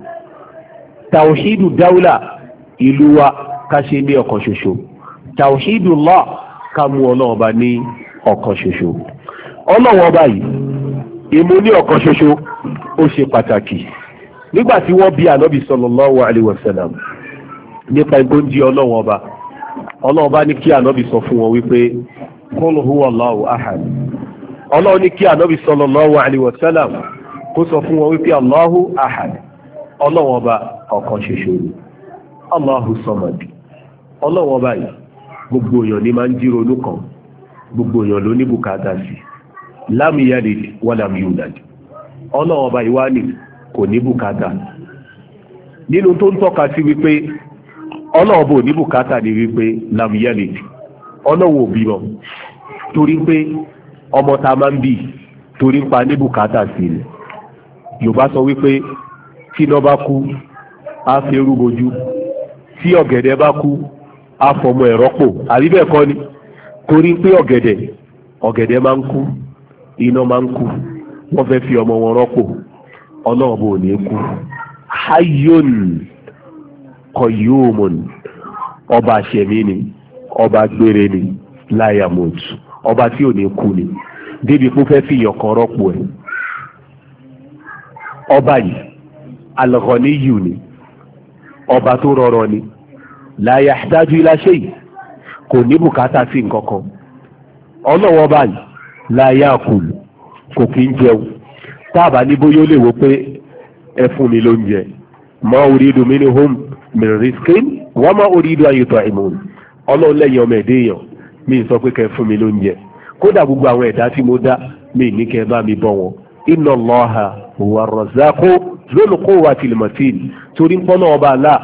tàwọ̀ṣídù dáúlà ìlú wa ká ṣe ní ọ̀kan ṣoṣo tàwọ̀ṣídù lọ́ ká mú ọlọ́ọ̀ba ní ọ̀kan ṣoṣo ọlọ́wọ́ba yìí ìmú ní ọ̀kan ṣoṣo ó ṣe pàtàkì nígbà tí wọ́n bí ànábì sallallahu alaihi wasallam nípa ẹgbẹ́ ń di ọlọ́wọ́ba ọlọ́ọ̀ba ní kí ànábì sọ fún wọn wípé qul huwa Allahu ahad ọlọ́ọ̀ ní kí ànábì sallallahu alaihi wasallam kó sọ fún wọn wípé Allahu ahad ọlọ́wọ́ba ọ̀kan ṣoṣo ni Allahu Samad ọlọ́wọ́ báyìí gbogbo èèyàn ní máa ń jírònú kan gbogbo èèyàn ló ní bùkátà sí lam yalid wa lam yulad ọlọ́wọ́ báyìí wá ní kò ní bùkátà nínú tó ń tọ́ka sí wípé ọlọ́wọ́ bò ní bùkátà ní wípé lam yalid ọlọ́wọ́ òbí mọ́ torí pé ọmọ ta máa ń bì torí pa ní bùkátà sí ni Yorùbá sọ wípé tí iná bá kú a fi eru bojú tí ọ̀gẹ̀dẹ̀ bá kú a fọmọ ẹ̀ rọ́pò kọ́ ni torí pé ọ̀gẹ̀dẹ̀ ọ̀gẹ̀dẹ̀ máa ń kú iná máa ń kú wọ́n fẹ́ fi ọmọ wọn rọ́pò ọlọ́ọ̀bù ò ní kú hayyun kọ̀yọ́mùn ọba àṣẹ̀mí ni ọba gbére ni láyàmùt ọba tí ò ní kú ni débi pé fẹ́ fi ìyọ̀kan rọ́pò ẹ̀ ọba yìí alọ́kọ̀ ní yù ni ọba tó rọrọ ni la yahtaju ila shay kò ní bùkátà sí nǹkan kan ọlọ́wọ́ báyìí la yakul kò kí ń jẹun táàbà ní bóyá ó lè wo pé ẹ fún mi lóúnjẹ ma uridu minhum min rizqin wa ma uridu an yut'imun ọlọ́run lẹ́yìn ọmọ ẹ̀dẹ́ èèyàn mi sọ pé kẹ fún mi lóúnjẹ kódà gbogbo àwọn ẹ̀dá tí mo dá mi ní kẹ bá mi bọ́ wọn inna Allaha huwa ar-Razzaqu dhul quwwati al-matin torí ń pọ́nà ọba àlá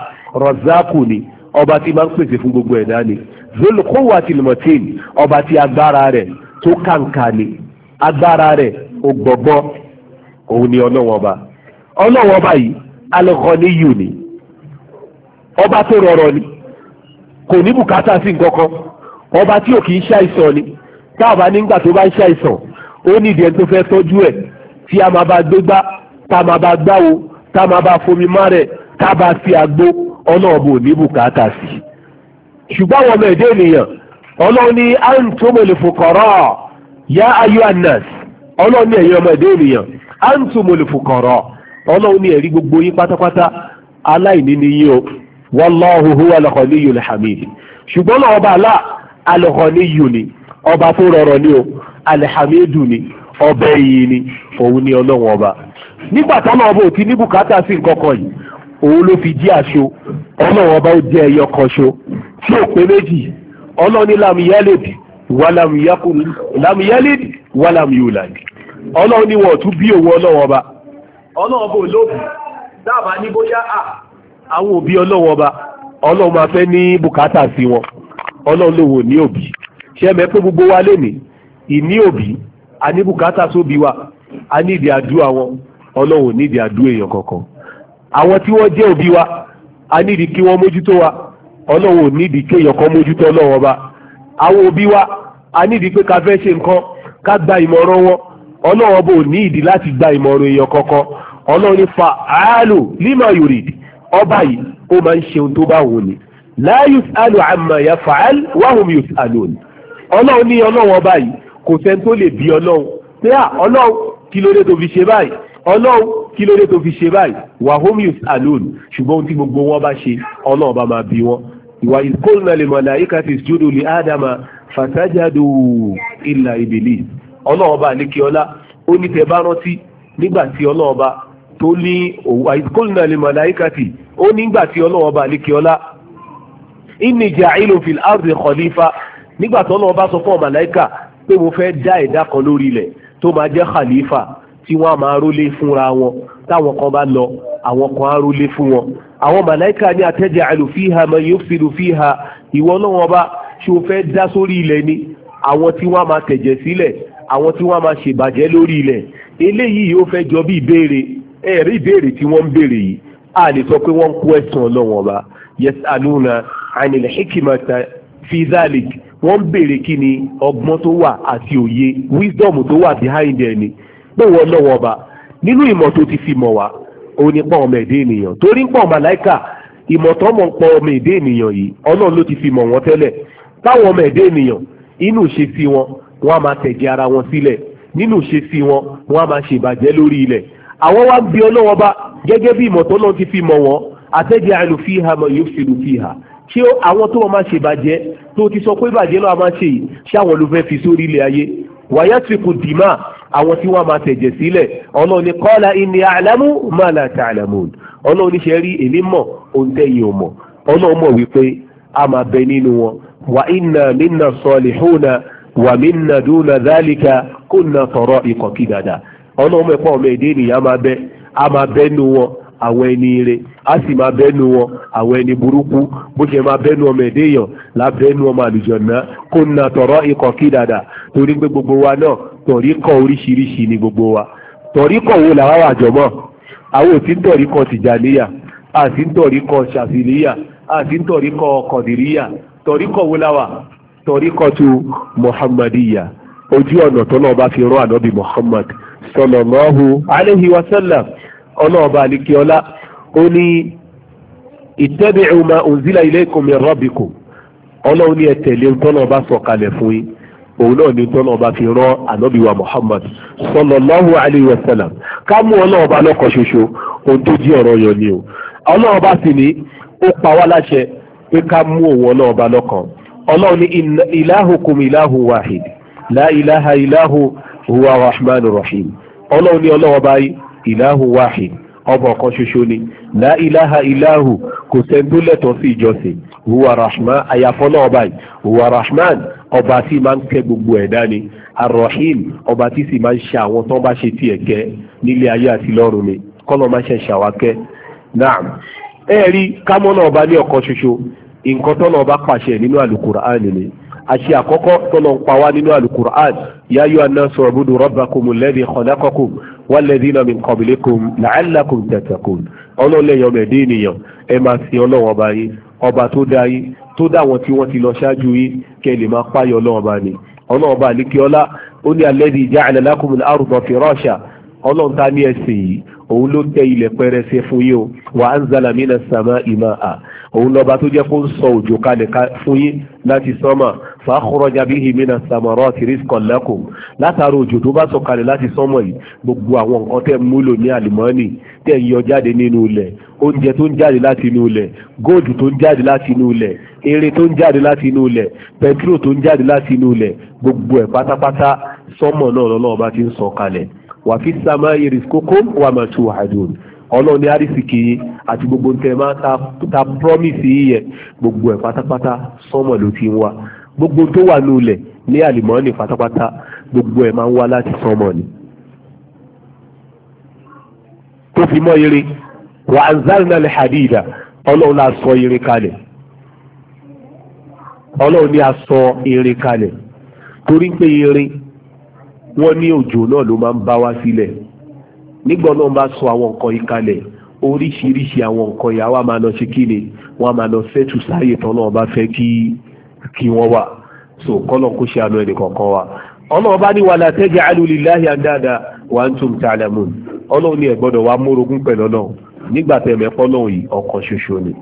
Razzaqu ni ọba tí máa ń pèsè fún gbogbo ẹ̀dá ni dhul quwwati al-matin ọba tí agbára rẹ̀ tó kàǹkà ni agbára rẹ̀ ó gbọ̀gbọ́ òun ni ọlọ́wọ́n ọba ọlọ́wọ́n ọba yìí al-Ghaniyyu ni ọba tó rọrọ ni kò ní bùkátà sí nǹkankan ọba tí ò kì í ṣàìsàn ni táàbà nígbà tó bá ń ṣàìsàn ó nídìí ẹni tó fẹ́ tọ́jú ẹ̀ tí a máa bá gbégbá tá a máa bá gbáwo tá a máa bá fomi má rẹ̀ tá a bá fi àgbo ọlọ́ọ̀bù ò ní bùkátà sí. ṣùgbọ́n àwọn ọmọ ẹ̀dẹ́ ènìyàn ọlọ́run ní antumul fuqara ya ayyuhan nas ọlọ́run ní ẹ̀yin ọmọ ẹ̀dẹ́ ènìyàn antumul fuqara ọlọ́run ní ẹ̀rí gbogbo yín pátápátá aláìní ni yín o wallahu huwa al-ghaniyyul hamid ṣùgbọ́n ọba alá al-ghaniyyu ni ọba tó rọrọ ni o al-hamidu ni ọbẹ̀ yìí ni òun ni ọlọ́run ọba nígbà táwọn ọba ò ti ní bùkátà sí nǹkan kan yìí òun ló fi jí aṣọ ọlọ́run ọba ó jẹ́ ẹyọ kan ṣo tí ò pé méjì ọlọ́run ní lamiyaledi wà lamiyaledi wà lamiyuladi ọlọ́run ní wọ́n tún bí òun ọlọ́run ọba ọlọ́run ọba ò lóbi dábàá ní bóyá à àwọn òbí ọlọ́run ọba ọlọ́run máa fẹ́ ní bùkátà sí wọn ọlọ́run lòun ò ní òbí ṣẹ́mi pé gbogbo wa lè ní ìní a ní bùkátà sóbi wa a ní ìdí àdúrà wọn ọlọ́run ní ìdí àdúrà èèyàn kankan àwọn tí wọ́n jẹ́ òbí wa a ní ìdí kí wọ́n mójútó wa ọlọ́run ní ìdí kéèyàn kan mójútó ọlọ́run ọba àwọn òbí wa a ní ìdí pé ká fẹ́ ṣe nǹkan ká gba ìmọ̀ràn wọn ọlọ́run ọba ò ní ìdí láti gba ìmọ̀ràn èèyàn kankan ọlọ́run ní fa àálò lima yorùd ọba yìí ó máa ń ṣe tó bá wù ní la yus'alu amma yaf'al wa hum yus'alun ọlọ́run ní ọlọ́run ọba yìí kò sẹ́ni tó lè bí ọlọ́run pé à ọlọ́run kí ló dé tó fi ṣe báyìí ọlọ́run kí ló dé tó fi ṣe báyìí wahomius alone ṣùgbọ́n ohun tí gbogbo wọn bá ṣe ọlọ́run bá máa bí wọn. ìwà ìkólùnà lè mọ̀ láyé káfí ìsúdò lè ádámà fàtàjàdò ìlà ìbílísì ọlọ́run bá lékè ọlá ó ní tẹ bá rántí nígbà tí ọlọ́run bá tó ní òwò àìkólùnà lè mọ̀ láyé káfí ó nígbà tí ọlọ́run bá lékè ọlá inni ja'ilun fil khalifa nígbà tí ọlọ́run bá sọ fún ọmọ pé mo fẹ́ dá ẹ̀dá kan lórí ilẹ̀ tó máa jẹ́ khalifa tí wọ́n á máa rólé fúnra wọn táwọn kan bá lọ àwọn kan á rólé fún wọn. àwọn màláìka ní ataj'alu fiha man yufsidu fiha ìwọ náà wọn bá ṣe o fẹ́ dá sórí ilẹ̀ ni àwọn tí wọ́n á máa tẹ̀jẹ̀ sílẹ̀ àwọn tí wọ́n máa ṣèbàjẹ́ lórí ilẹ̀ eléyìí yóò fẹ́ jọ bí ìbéèrè ẹ̀rí ìbéèrè tí wọ́n ń béèrè yìí a lè sọ pé wọ́n ń kó ẹ̀sán ọlọ́wọ́n ọba yas'aluna 'anil hikmata fi dhalik wọ́n ń béèrè kí ni ọgbọ́n tó wà àti òye wisdom tó wà behind ẹ̀ ni pé wọ́n lọ́wọ́ ọba nínú ìmọ̀ tó ti fi mọ̀ wá òun ni pọ̀ ọmọ ẹ̀dẹ́ ènìyàn torí ń pọ̀ màláìkà ìmọ̀ tó mọ̀ ń pọ̀ ọmọ ẹ̀dẹ́ ènìyàn yìí ọlọ́run ló ti fi mọ̀ wọ́n tẹ́lẹ̀ táwọn ọmọ ẹ̀dẹ́ ènìyàn inú ìṣesí wọn wọn a máa tẹ̀jẹ̀ ara wọn sílẹ̀ nínú ìṣesí wọn wọn a máa ṣèbàjẹ́ lórí ilẹ̀ àwọn wá gbé ọlọ́wọ́ bá gẹ́gẹ́ bí ìmọ̀ tó lọ́n ti fi mọ̀ wọ́n àtẹ́jẹ́ àlùfíhà mọ̀ yóò ṣèlú fíhà ṣé àwọn tó wọn máa ṣe bàjẹ́ tó ti sọ pé bàjẹ́ náà máa ṣe yìí ṣé àwọn ló fẹ́ fi sórí ilẹ̀ ayé wàyà tìkù dìímà àwọn tí wọ́n máa tẹ̀jẹ̀ sílẹ̀ ọlọ́run ní kọ́lá inni àlámú máa là tà àlámù ọlọ́run ní ṣe rí èmi mọ̀ òun tẹ̀yìn ò mọ̀ ọlọ́run mọ̀ wípé a máa bẹ nínú wọn wà inna minna salihuna wà minna duna dhalika kunna tọ̀rọ̀ ikọ̀ kí ọlọ́run mẹ́pọ̀ ọmọ àwọn ẹni ire a sì máa bẹ́nu wọn àwọn ẹni burúkú bó ṣe máa bẹ́nu ọmọ ẹ̀dẹ́ èèyàn lábẹ́nu ọmọ àlùjọ̀nà kó na tọ̀rọ̀ ikọ̀ kí dada torí pé gbogbo wa náà tọ̀ríkọ̀ oríṣiríṣi ni gbogbo wa tọ̀ríkọ̀ wo làwa wà jọ̀mọ́ àwọn ò sí ń tọ̀ríkọ̀ tìjàníyà a sì ń tọ̀ríkọ̀ ṣàfìlíyà a sì ń tọ̀ríkọ̀ kọ̀dìríyà tọ̀ríkọ̀ wo làwa tọ̀ríkọ̀ tu muhammadiya ojú ọ̀nà tọ́lọ́ bá fi rán ànábì muhammad sallallahu alayhi wa sallam ọlọ́ọ̀bá àlekíọ́lá ó ní ittabi'u ma unzila ilaykum min rabbikum ọlọ́run ní ẹ tẹ̀lé sọ̀kalẹ̀ fún yín òun náà ní ntọ́nà fi rán ànábìwá Muhammad sallallahu alayhi wa ká mú ọlọ́ọ̀bá lọ́kọ̀ ṣoṣo ohun tó jí ọ̀rọ̀ yọ o ọlọ́ọ̀bá sì ó pa wá láṣẹ pé ká mú òun ní ìláhù wáhì ọba ọ̀kan ṣoṣo ni láìláha ìláhù kò sẹ́ńdó lẹ́tọ̀ọ́ sí ìjọsìn huwa rahman àyàfọ́ náà báyìí huwa rahman ọba tí máa ń kẹ́ gbogbo ẹ̀dá ni arrahim ọba tí sì máa ń ṣe àwọn tó bá ṣe tiẹ̀ kẹ́ nílé ayé àti lọ́run ni kọ́nà máa ṣe ṣàwákẹ́ náà ẹ̀ẹ́rí kámọ́ náà ní ọ̀kan ṣoṣo nǹkan tó náà pàṣẹ nínú àlùkùránì ni àṣẹ àkọ́kọ́ tọ́lọ̀ ń pa wá nínú alukur'an ya ayyuhan nasu u'budu rabbakum alladhi khalaqakum walladhina min qablikum la'allakum tattaqun ọlọ́lẹ́yìn ọmọ ẹ̀dẹ́ ènìyàn ẹ máa sin ọlọ́wọ́n ọba yín ọba tó dá yín tó dá àwọn tí wọ́n ti lọ ṣáájú yín kẹ́ lè máa páyọ̀ ọlọ́wọ́n ọba ni ọlọ́wọ́n ọba àlékiọ́lá ó ní alladhi ja'ala lakum al-arda firasha ọlọ́run ta ní ẹ̀sìn yìí òun ló tẹ́ ilẹ̀ pẹrẹsẹ fún yín o wa anzala mina sàmá ìmáà òun lọ́ba tó jẹ́ kó ń sọ òjò kalẹ̀ fún yín láti sánmà fàákùrọ̀jà bí himina samara ti rizqan lakum látara òjò tó bá sọ kalẹ̀ láti sánmà yìí gbogbo àwọn nǹkan tẹ́ múlò ní àlùmọ́ọ́nì tẹ́ yọ jáde nínú ilẹ̀ oúnjẹ tó ń jáde láti inú ilẹ̀ góòdù tó ń jáde láti inú ilẹ̀ eré tó ń jáde láti inú ilẹ̀ pẹtrò tó ń jáde láti inú ilẹ̀ gbogbo ẹ̀ pátápátá sánmà náà lọ́lọ́ọ̀bá ti ń sọ kalẹ̀ wàfi sàmà irisikokom wàmàtúwàdùn ọlọ́run ní àrísìkì yín àti gbogbo nǹkan máa ta promise yín yẹn gbogbo ẹ̀ pátápátá sọ́mọ̀ ló ti ń wá gbogbo tó wà ní ní àlìmọ́ọ́nì pátápátá gbogbo ẹ̀ máa ń wá láti sọ́mọ̀ ni. tó fi mọ́ irin wà á ń zárínà lè hadida ọlọ́run náà sọ irin kalẹ̀ ọlọ́run ní a sọ irin kalẹ̀ torí pé irin wọ́n ní òjò náà ló máa ń bá wá sílẹ̀. Si nígbà náà bá sọ àwọn nǹkan yìí kalẹ̀ oríṣiríṣi àwọn nǹkan yìí àwa máa lọ ṣe kí ni wọ́n máa lọ sẹ́tù sáyè tán náà fẹ́ kí wọ́n wà so kọ́lọ̀ kó ṣe àánú ẹnì kọ̀ọ̀kan wa ọlọ́run bá ní wala taj'alu lillahi andada wa antum ta'lamun ọlọ́run ni ẹ gbọ́dọ̀ wá mórogún pẹ̀lú ọlọ́run nígbà tẹ̀ mẹ́pọ́ lọ́hùn yìí ọ̀kan ṣoṣo ni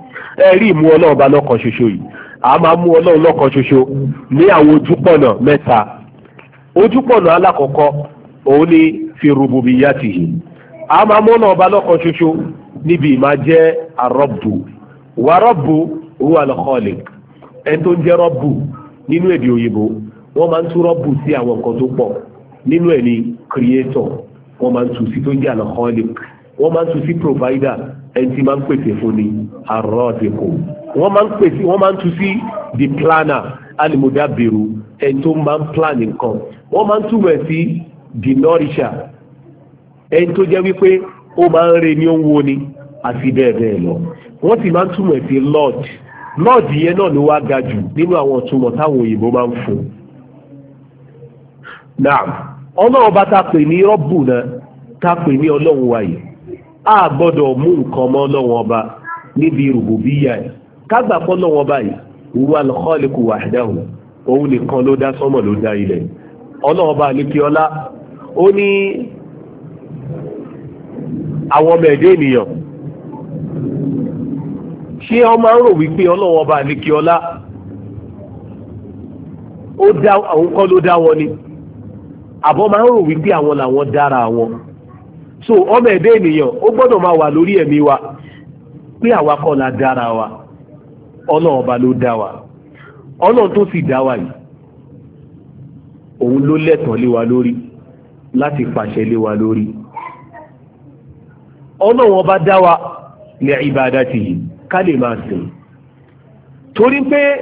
ẹ rí ìmú ọlọ́run bá lọ́kan ṣoṣo yìí a máa mú ọlọ́run lọ́kan ṣoṣo ní àwọn ojúpọ̀nà mẹ́ta ojúpọ̀nà alákọ̀ọ́kọ́ òun ni a máa mọ́nà ọba lọ́kan ṣoṣo níbi ìmá jẹ́ arọ́bù wà rọ́bù huwa al-khaliq ẹni tó ń jẹ́ rọ́bù nínú èdè òyìnbó wọ́n máa ń tú rọ́bù sí àwọn nǹkan tó pọ̀ nínú ẹ̀ ní creator wọ́n máa ń tú sí tó ń jẹ́ al-khaliq máa ń tú sí provider ẹni tí máa ń pèsè fún ni arọ́dẹ̀kọ̀ wọ́n máa ń pèsè wọ́n máa ń tú sí the planner alimodabiru ẹni tó máa ń plan nǹkan wọ́n máa ń túbọ̀ sí the nourisher ẹni tó jẹ́ wípé ó máa ń re ní ó ń ni àti bẹ́ẹ̀ bẹ́ẹ̀ lọ wọ́n sì máa ń túmọ̀ sí lord lord yẹn náà ló wá ga jù nínú àwọn ìtumọ̀ táwọn òyìnbó máa ń fún un. ọlọ́run ta pè ní rọ́bù ta pè ní ọlọ́run wa yìí a gbọ́dọ̀ mú nǹkan mọ́ ọlọ́run ọba níbi rùbùbíyà ẹ̀ kágbà pọ́ yìí àwọn ọmọ ẹ̀dẹ́ ènìyàn ṣé ọ máa ń rò wípé ọlọ́wọ́ ọba àlekí ọlá ó dá àwọn kọ́ ló dá wọn ni àbọ̀ máa ń rò wípé àwọn làwọn dára wọn so ọmọ ẹ̀dẹ́ ènìyàn ó gbọ́dọ̀ máa wà lórí ẹ̀mí wa pé àwa kọ́ la dára wa ọlọ́wọ́ ọba ló dá wa ọlọ́run tó sì dá wa yìí òun ló lẹ́tọ̀ọ́ lé wa lórí láti pàṣẹ lé wa lórí ọ̀nà wọn bá dá wa ní ibadatihi ká lè máa sìn torí pé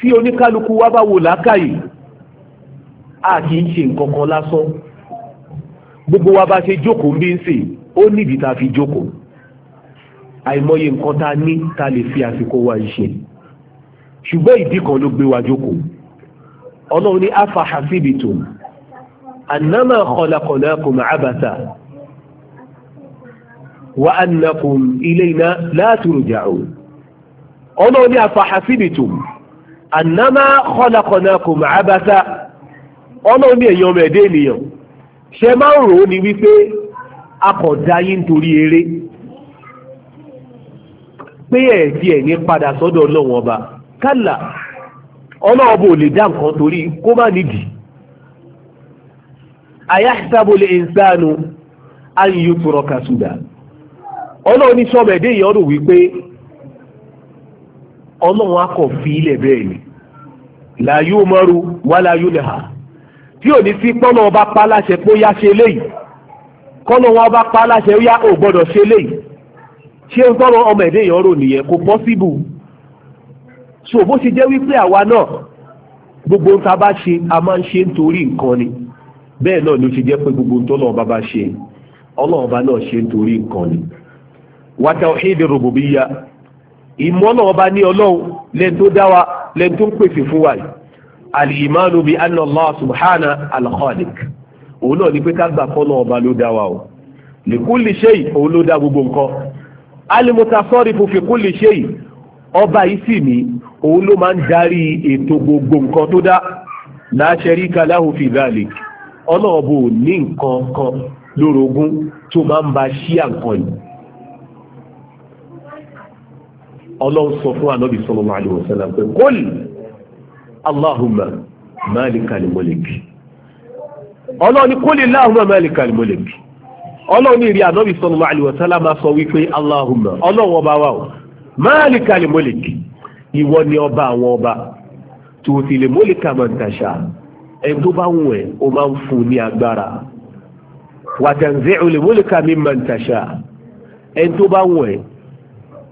tí oníkálukú wa bá wò lákàyè a kì í ṣe nǹkan kan lásán gbogbo wa bá ṣe jókòó bí ń sè ó níbi tá a fi jókòó àìmọye nǹkan tá ní tá lè fi àsìkò wa ṣe ṣùgbọ́n ìdí kan ló gbé wa jókòó ọlọ́run ní afa hasibitum annama khalaqnakum abata wa annakum ilayna la turja'un ọlọ́run ní afahasibitum annama khalaqnakum abasa ọlọ́run ní èèyàn ọmọ ẹ̀dẹ́ ènìyàn ṣe máa ń rò ó ní wípé akọ̀dá yín nítorí eré pé ẹ̀ tí ẹ̀ ní padà sọ́dọ̀ ọlọ́run ọba kálà ọlọ́run ọba ò lè dá nǹkan torí kó má nídìí ayahsabu al-insanu an yutraka suda ọlọ́run ní sọ́ọ̀bù ẹ̀dẹ́ wípé ọlọ́run akọ̀ fi ilẹ̀ bẹ́ẹ̀ ni làyú mọ́rú wà láyú lẹ́hà tí ò ní sí pọ́nà ọba pa láṣẹ pé ó yá ṣe léyìí ọba pa láṣẹ ó yá ò ṣe léyìí ṣé ń ọmọ ẹ̀dẹ́ yìí nìyẹn kò pọ́síbù so bó wípé àwa náà gbogbo nǹkan bá ṣe a máa ń ṣe nítorí bẹ́ẹ̀ náà ló ṣe jẹ́ pé gbogbo nǹkan ṣe ọlọ́run bá náà ṣe nítorí nǹkan wa tawhid rububiyya ìmọ̀nà ọba ní ọlọ́run lẹ́nu tó dá wa lẹ́nu tó ń pèsè fún wa yìí alìmánu bíi anna allah subhana al-khaliq òun náà ni pé ká gbà kọ́nà ọba ló dá o li kulli shay òun ló dá gbogbo nǹkan al-mutasarrifu fi kulli shay ọba yìí sì ni òun ló máa ń darí gbogbo nǹkan tó dá la sharika lahu fi dhalik ọlọ́ọ̀bù ní nǹkan kan lórogún tó máa ba ṣíà nǹkan yìí ọlọ́run sọ fún ànábì sallallahu alaihi wasallam pé qul Allahumma malikal mulk ọlọ́run qul Allahumma malikal mulk ọlọ́run ìrì ànábì sallallahu alaihi wasallam máa sọ wípé Allahumma ọlọ́run ọba wa o malikal mulk ìwọ ni ọba àwọn ọba tuutil mulka man tasha ẹ̀ tó bá wù ẹ́ o máa ń fún ní agbára wàtẹ̀ǹzẹ́ olèmúlìkà mi man tasha ẹ̀ tó bá wù ẹ́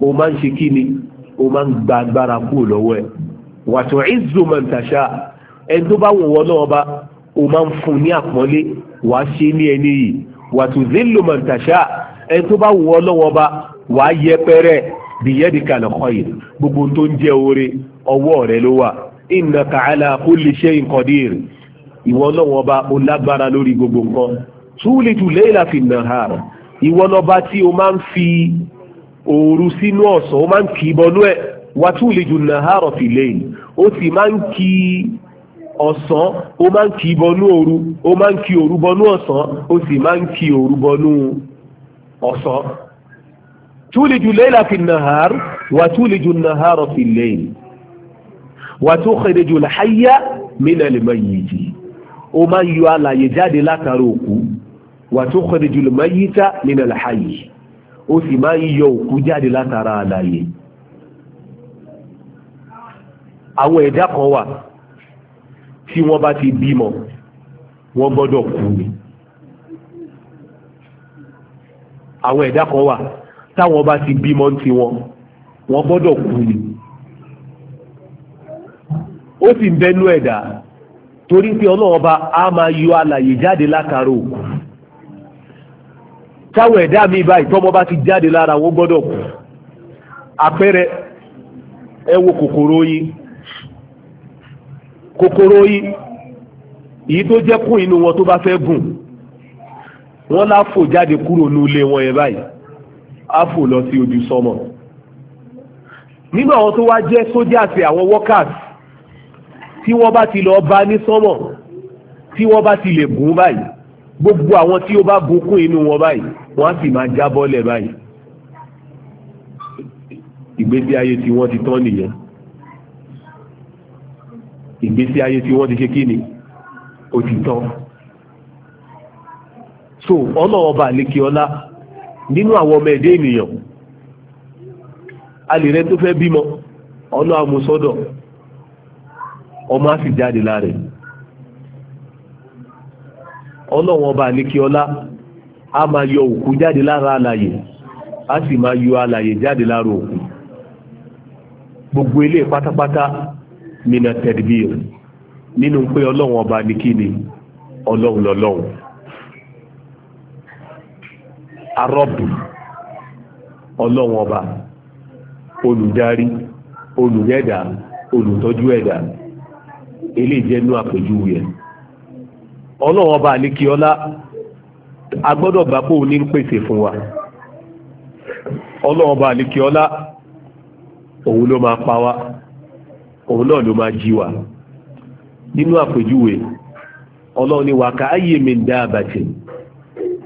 o máa ń ṣe kí ni o máa ń gba agbára kúrò lọ́wọ́ ẹ̀ wàtò ìzù mọ̀ntàṣà ẹni tó bá wò wọ́n náà bá o máa ń fún ní àpọ́nlé wàá ṣe ní ẹni yìí wàtò zílù mọ̀ntàṣà ẹni tó bá wò wọ́n náà bá wàá yẹ pẹ́rẹ́ bìyẹ́dì kàlọ́kọ́ yìí gbogbo tó ń jẹ́ oore ọwọ́ rẹ ló wà innaka ala kulli shay'in qadir ìwọ lọ́wọ́ bá o lágbára lórí gbogbo nǹkan túlìtù léèlà fi nàhàr ìwọ lọ́ba tí o máa ń fi òru sínú ọ̀sán ó máa ń kì í bọnú ẹ̀ wàtúlejò nàhárọ̀ fìlẹ́yìn ó sì máa ń kì í ọ̀sán ó máa ń kì í bọnú òru ó máa ń kì òru bọnú ọ̀sán ó sì máa ń kì òru bọnú ọ̀sán. túlejò lẹ́yìnlá fi nàhár wàtúlejò nàhárọ̀ fìlẹ́yìn wàtúkẹ̀dẹ̀jò làháyà mílẹ̀ lè máa yìí jì ó máa ń yọ alàyè jáde látara òkú wàtúkẹ̀dẹ̀jò lè máa yíta nínú làháyì ó sì máa ń yọ òkú jáde látara àlàyé àwọn ẹ̀dá kan wà tí wọ́n bá ti bímọ wọ́n gbọ́dọ̀ kú ni àwọn ẹ̀dá kan wà táwọn bá ti bímọ ti wọn wọ́n gbọ́dọ̀ kú ni ó sì ń bẹnu ẹ̀dá torí pé ọlọ́wọ́n bá a máa yọ àlàyé jáde látara òkú táwọn ẹ̀dá mi báyìí tọ́mọ bá ti jáde lára wọn gbọ́dọ̀ kú àpẹẹrẹ ẹ wo kòkòrò oyin kòkòrò oyin èyí tó jẹ́ kún inú wọn tó bá fẹ́ gùn wọ́n láfò jáde kúrò ní ilé wọn yẹn báyìí áfò lọ sí ojú sọmọ nínú àwọn tó wá jẹ́ sójà àti àwọn workers tí wọ́n bá ti lọ bá ní sọmọ tí wọ́n bá ti lè gùn báyìí gbogbo àwọn tí ó bá bùkún inú wọn báyìí wọ́n á sì máa jábọ́lẹ̀ báyìí ìgbésí ayé tí wọ́n ti tán nìyẹn ìgbésí ayé tí wọ́n ti ṣe kí ni ó ti tán so ọ̀nà ọba àlekè ọlá nínú àwọn ọmọ ẹ̀dẹ́ ènìyàn a tó fẹ́ bímọ ọ̀nà àmúsọ́dọ̀ ọmọ á sì jáde lára rẹ̀ ọlọ́wọ́n ọba àníkíọ́lá a máa yọ òkú jáde lára alàyè a sì máa yọ alàyè jáde lára òkú gbogbo ilé pátápátá mina tẹ̀dìbìr nínú pé ọlọ́wọ́n ọba ní kí ni ọlọ́run lọ́lọ́run arọ́bù ọlọ́wọ́n ọba olùdarí olùyẹ̀dá olùtọ́jú ilé eléjẹ́nú àpèjúwe ẹ̀ ọlọ́run ọba àlékí ọlá a gbọ́dọ̀ gbà ní ń pèsè fún wa ọlọ́run ọba àlékí ọlá òun ló máa pa wá òun náà ló wa nínú àpèjúwe ní ayé mi àbàtì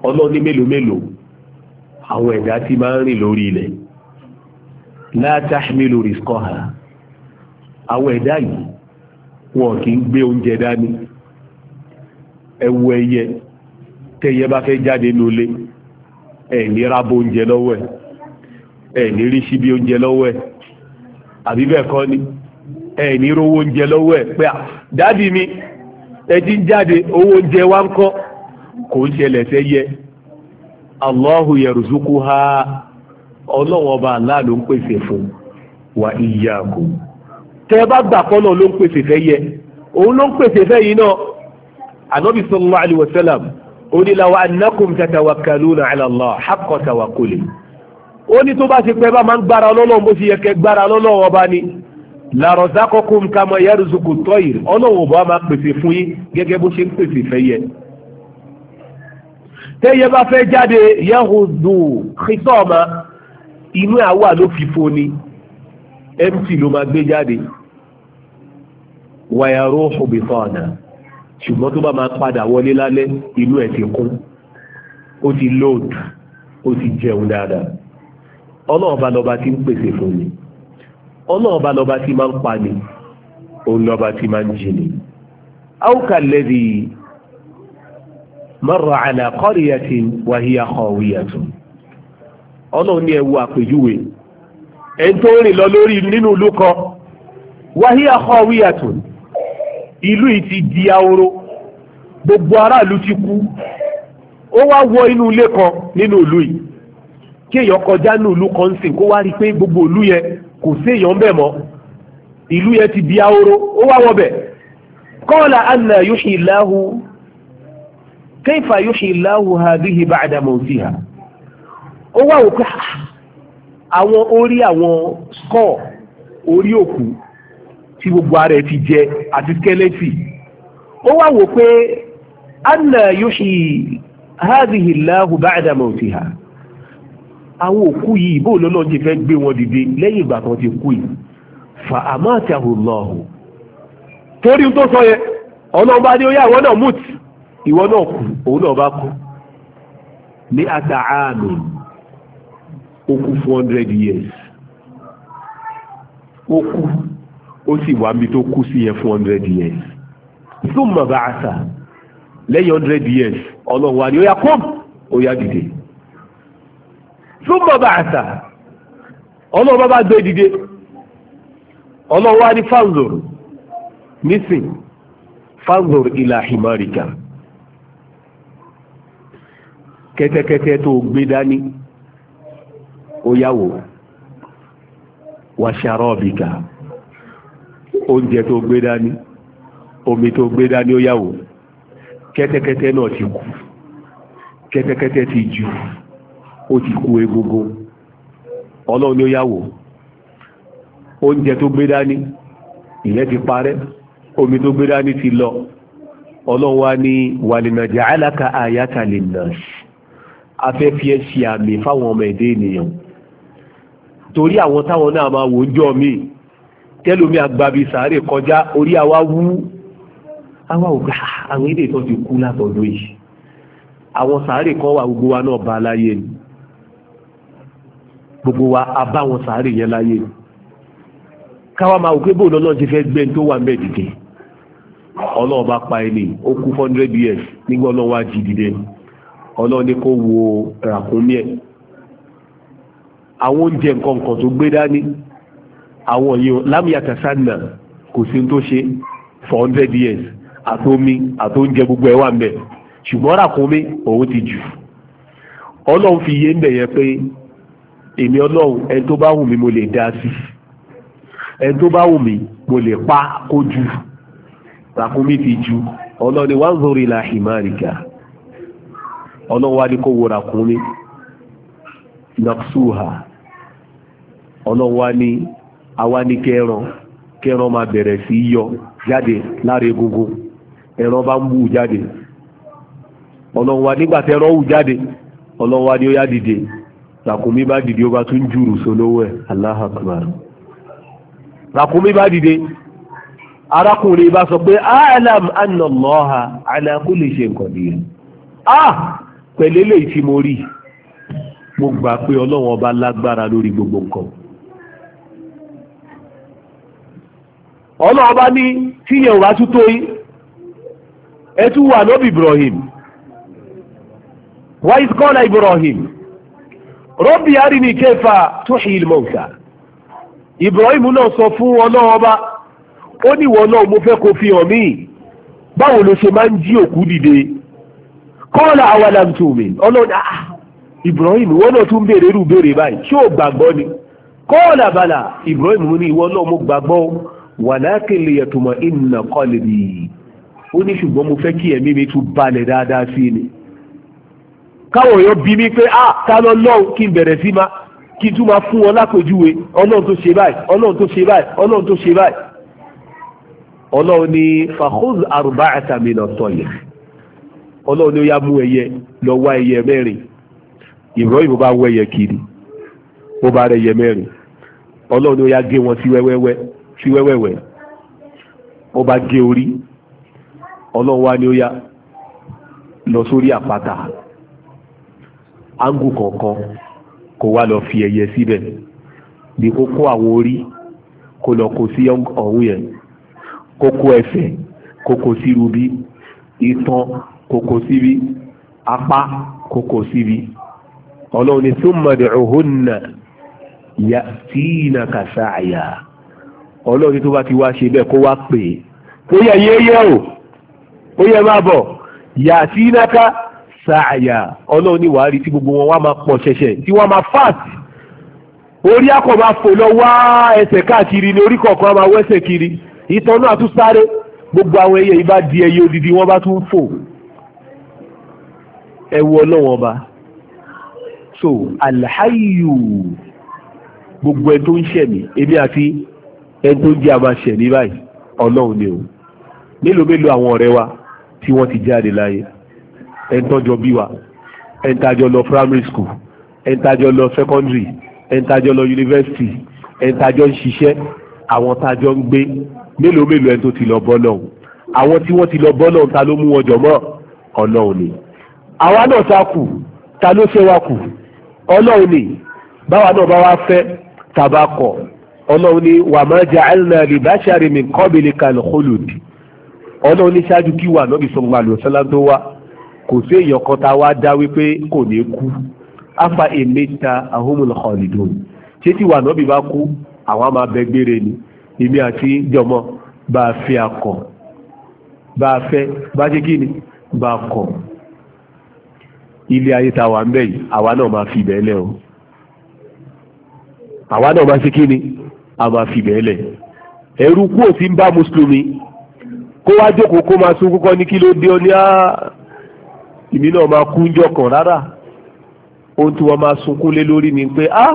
ọlọ́run ní mélòó mélòó àwọn ẹ̀dá tí máa ń rìn lórí ilẹ̀ látàmílò rìskọ́hà àwọn ẹ̀dá yìí wọn kì í ẹwọ ẹyẹ tẹ́yẹ bá fẹ́ jáde lólé ẹ̀ oúnjẹ lọ́wọ́ ẹ̀ ẹ̀ oúnjẹ lọ́wọ́ ẹ̀ àbí bẹ́ẹ̀ kọ́ ni ẹ̀ oúnjẹ lọ́wọ́ ẹ̀ pé à dáàbì ẹ ti ń owó oúnjẹ wa ń kọ́ kò ń ṣẹlẹ̀ fẹ́ yẹ Allahu ha ọba Allah ló ń pèsè fún wa bá gbà kọ́ náà ló ń pèsè fẹ́ yẹ òun ló ń anabi sallallahu alayhi wa sallam ó ní lawa annakum tatawakkaluna ala Allah haqqa tawakkuli ó ní tó bá ṣe pé bá máa ń gbára lọ́lọ́run bó ṣe yẹ kẹ́ gbára lọ́lọ́run ọba ni la razaqakum kama yarzuqu tayr ọlọ́run ọba máa pèsè fún yín gẹ́gẹ́ bó ṣe ń pèsè fẹ́yẹ tẹ́yẹ bá fẹ́ jáde yahudu khisama inú àwa ló fi ni mt ló máa gbé jáde wàyàró òbí ṣùgbọ́n tó bá máa padà wọlé lálẹ́ inú ẹ̀ ti kún ó ti load ó ti jẹun dáadáa ọlọ́run bá lọ́ba tí ń pèsè fún mi ọlọ́run bá lọ́ba tí máa ń pa ni òun lọ́ba tí máa ń jí ni. áwùkà lẹ́bi marra ala qaryatin wa hiya khawiyatun ọlọ́run ní ẹ àpèjúwe ẹ̀ ń tó rìn lọ lórí nínú ìlú kan wa hiya ìlú yìí ti di ahoro gbogbo aráàlú ti kú ó wá wọ inú ilé kan nínú ìlú yìí kí èèyàn kọjá ní ìlú kan sìn kó wá rí i pé gbogbo ìlú yẹn kò sí èèyàn bẹ́ẹ̀ mọ́ ìlú yẹn ti di ahoro ó wá wọbẹ̀ kọ́ọ̀lá anna yuhyi Allahu kayfa yuhyi Allahu hadhihi ba'da mawtiha ó wá wò pé ah, àwọn orí àwọn skọ́ọ̀ orí òkú tí gbogbo ara ẹ̀ ti jẹ àti skẹ́lẹ́tì ó wá wò pé anna yuhyi hadhihi Allahu ba'da mawtiha àwọn òkú yìí bó lọ́nà jẹ́ fẹ́ gbé wọn dìde lẹ́yìn ìgbà kan ti kú yìí fa amatahu Allahu torí tó sọ yẹ ọlọ́run bá ní ó yá ìwọ náà mut ìwọ náà kú òun náà bá kú ní ata àmì ó kú years ó ó sì wà níbi tó kú sí fún hundred years lẹ́yìn hundred years ọlọ́run wa ni ó yà ó yà dìde ọlọ́run bá bá gbé dìde ọlọ́run wa ni fanzor nísìn fanzor himarika kẹ́tẹ́kẹ́tẹ́ tó gbé dání ó yà wò oúnjẹ tó gbé dání omi tó gbé dání ó yàwó kẹ́tẹ́kẹ́tẹ́ náà ti kú kẹ́tẹ́kẹ́tẹ́ ti jù ó ti kú egungun ọlọ́run ló yàwó oúnjẹ tó gbé dání ìyẹn ti parẹ́ omi tó gbé dání ti lọ ọlọ́run wá ní wàlìnàjà aláka àyàtà lè afẹ́ fi ẹ́ ṣe àmì fáwọn ọmọ ẹ̀dẹ́ ènìyàn torí àwọn táwọn náà máa wò ó jọ míì tẹ́lómi àgbàbí sàárè kọjá orí àwa wú àwa ògbà àwọn ilé ìtọ́ ti kú látọ̀dọ̀ yìí àwọn sàárè kan wà gbogbo wa náà bá láyé ni gbogbo wa a bá wọn sàárè yẹn láyé ni káwa máa wùgbé bò lọ́nà ti fẹ́ gbẹ́ tó wà mẹ́ dìde ọlọ́run bá pa ẹni ó kú four hundred years nígbà ọlọ́run wá jí dìde ọlọ́run ní kó wo ràkúnmí àwọn oúnjẹ nǹkan kan tó gbé dání àwọn yìí lámìyàtà sanna kò sí tó ṣe for hundred years àtomi àtóúnjẹ gbogbo ẹ̀ wà ń bẹ̀ ṣùgbọ́n ràkúnmí òun ti jù ọlọ́run fi yé ń bẹ̀ yẹn pé èmi ọlọ́run ẹni tó bá wù mí mo lè dá sí ẹni tó bá wù mí mo lè pa kó jù ràkúnmí ti jù ọlọ́run ni wọ́n ń la himarika ọlọ́run wá ní kó wo ràkúnmí nàkṣúhà ọlọ́run wá ní. àwa ni kẹran kẹran máa bẹ̀rẹ̀ sí yọ jáde lára egungun ẹran bá ń wù jáde ọlọ́run wa nígbà tẹ́ran wù jáde ọlọ́run wa ni ó yá dìde ràkúnmí bá dìde ó bá tún jùrù sólówó ẹ̀ Allahu Akbar ràkúnmí bá dìde arákùnrin bá sọ pé alam anna Allaha ala kulli shay'in qadir ah pẹ̀lẹ́lẹ́ ìtìmórí mo gbà pé ọlọ́run ọba lágbára lórí gbogbo nǹkan ọlọ́run bá ní tíyẹn wá tún tó yín ẹ tún wà lóbi Ibrahim wa iz qala Ibrahim Rabbi arini kayfa tuhil mawta Ibrahim náà sọ fún ọlọ́run bá ó ní ìwọ náà mo fẹ́ kó fi hàn mí báwo ló ṣe máa ń jí òkú dìde qala awalam tu'min ọlọ́run ah Ibrahim wọ́n náà tún béèrè rú béèrè báyìí ṣé gbàgbọ́ ni qala bala Ibrahim ní ìwọ náà mo gbàgbọ́ wàláàkì lè yàtùmọ̀ ìnà kọlìbì ó ní ṣùgbọ́n mo fẹ́ kí ẹ̀mí mi tún balẹ̀ dáadáa sí ni káwọn èèyàn bí mi pé ah ta lọ lọ́hùn kí n bẹ̀rẹ̀ sí ma kí n tún máa fún wọn lápèjúwe ọlọ́run tó ṣe báyìí ọlọ́run tó ṣe báyìí ọlọ́run tó ṣe báyìí ọlọ́run ní fàkóz àrùbá àtàmìnà tọ̀yẹ̀ ọlọ́run ní ó yá mú ẹyẹ lọ wá ẹyẹ mẹ́rin ìbúrọ́yìn bá wọ kiri ó bá rẹ ẹyẹ mẹ́rin ọlọ́run ní ó yá gé wọn sí wẹ́wẹ́wẹ́ fi wẹ́wẹ́wẹ́ ó bá gé orí ọlọ́run wá ní ó yá lọ sórí àpáta áńgù kọ̀ọ̀kan kó wá lọ fi ẹyẹ síbẹ̀ bí kó kó àwọn orí kó lọ kó sí ọ̀hún yẹn kó kó ẹsẹ̀ kó kó sí rubí itan kó kó síbí apá kó kó síbí ọlọ́run ní súnmọ̀dẹ̀ òhún náà yà tí àyà ọlọ́run tó bá ti wá ṣe bẹ́ẹ̀ kó wá pè é ó yẹ yéyẹ o ó yẹ má bọ̀ yàtí náká sàáyà ọlọ́run ní wàá rí tí gbogbo wọn wá máa pọ̀ ṣẹ̀ṣẹ̀ tí wọ́n máa fàt orí akọ̀ máa fò lọ wá ẹsẹ̀ káàkiri ní orí kọ̀ọ̀kan máa wẹ́sẹ̀ kiri ìtàn náà tún sáré gbogbo àwọn ẹyẹ yìí bá di ẹyẹ odidi wọ́n bá tún fò ẹ wo ọlọ́run ọba so alhayu gbogbo ẹ tó ń ṣẹ̀mí èmi àti ẹni tó jẹ́ àmàṣẹ̀ ní báyìí ọlọ́run ni o mélòó mélòó àwọn ọ̀rẹ́ wa tí wọ́n ti jáde láyé ẹni bí wa ẹni lọ primary school ẹni tájọ lọ secondary ẹni tájọ lọ university ẹni tájọ ń ṣiṣẹ́ àwọn tájọ ń gbé mélòó mélòó ẹni tó ti lọ bọ́ lọ́hùn àwọn tí wọ́n ti lọ bọ́ lọ́hùn ta ló mú wọn jọ mọ́ ọlọ́run ni àwa náà ta kù ta ló fẹ́ wa kù ọlọ́run ni báwa náà bá wa fẹ́ tàbá ọlọ́run ní wà má ja'alna li bashari min qablika al-khulud ọlọ́run ní ṣáájú kí wà nọ́bì sọ̀rọ̀ àlùyọ̀ sọ́lá tó wá kò sí èèyàn kan tá a wá dá wípé kò ní kú afa emeta ahumul khalidun ṣé tí wà nọ́bì bá kú àwọn máa bẹ gbére ni èmi àti jọmọ bá a fẹ́ akọ bá a fẹ́ bá a ṣe kí ni bá a kọ ilé ayé tá wà ń bẹ̀ yìí àwa náà máa fi ibẹ̀ lẹ́ o àwa náà máa ṣe kí ni a máa fi bẹ́ẹ̀ lẹ̀ ẹ̀rú kú òfin ń bá mùsùlùmí kó wá jókòó kó máa sunkún kọ́ ní kí ló dé ọ ní á ìmí náà máa kú ńjọ kan rárá ohun tí wọ́n máa sunkún lé lórí ni pé á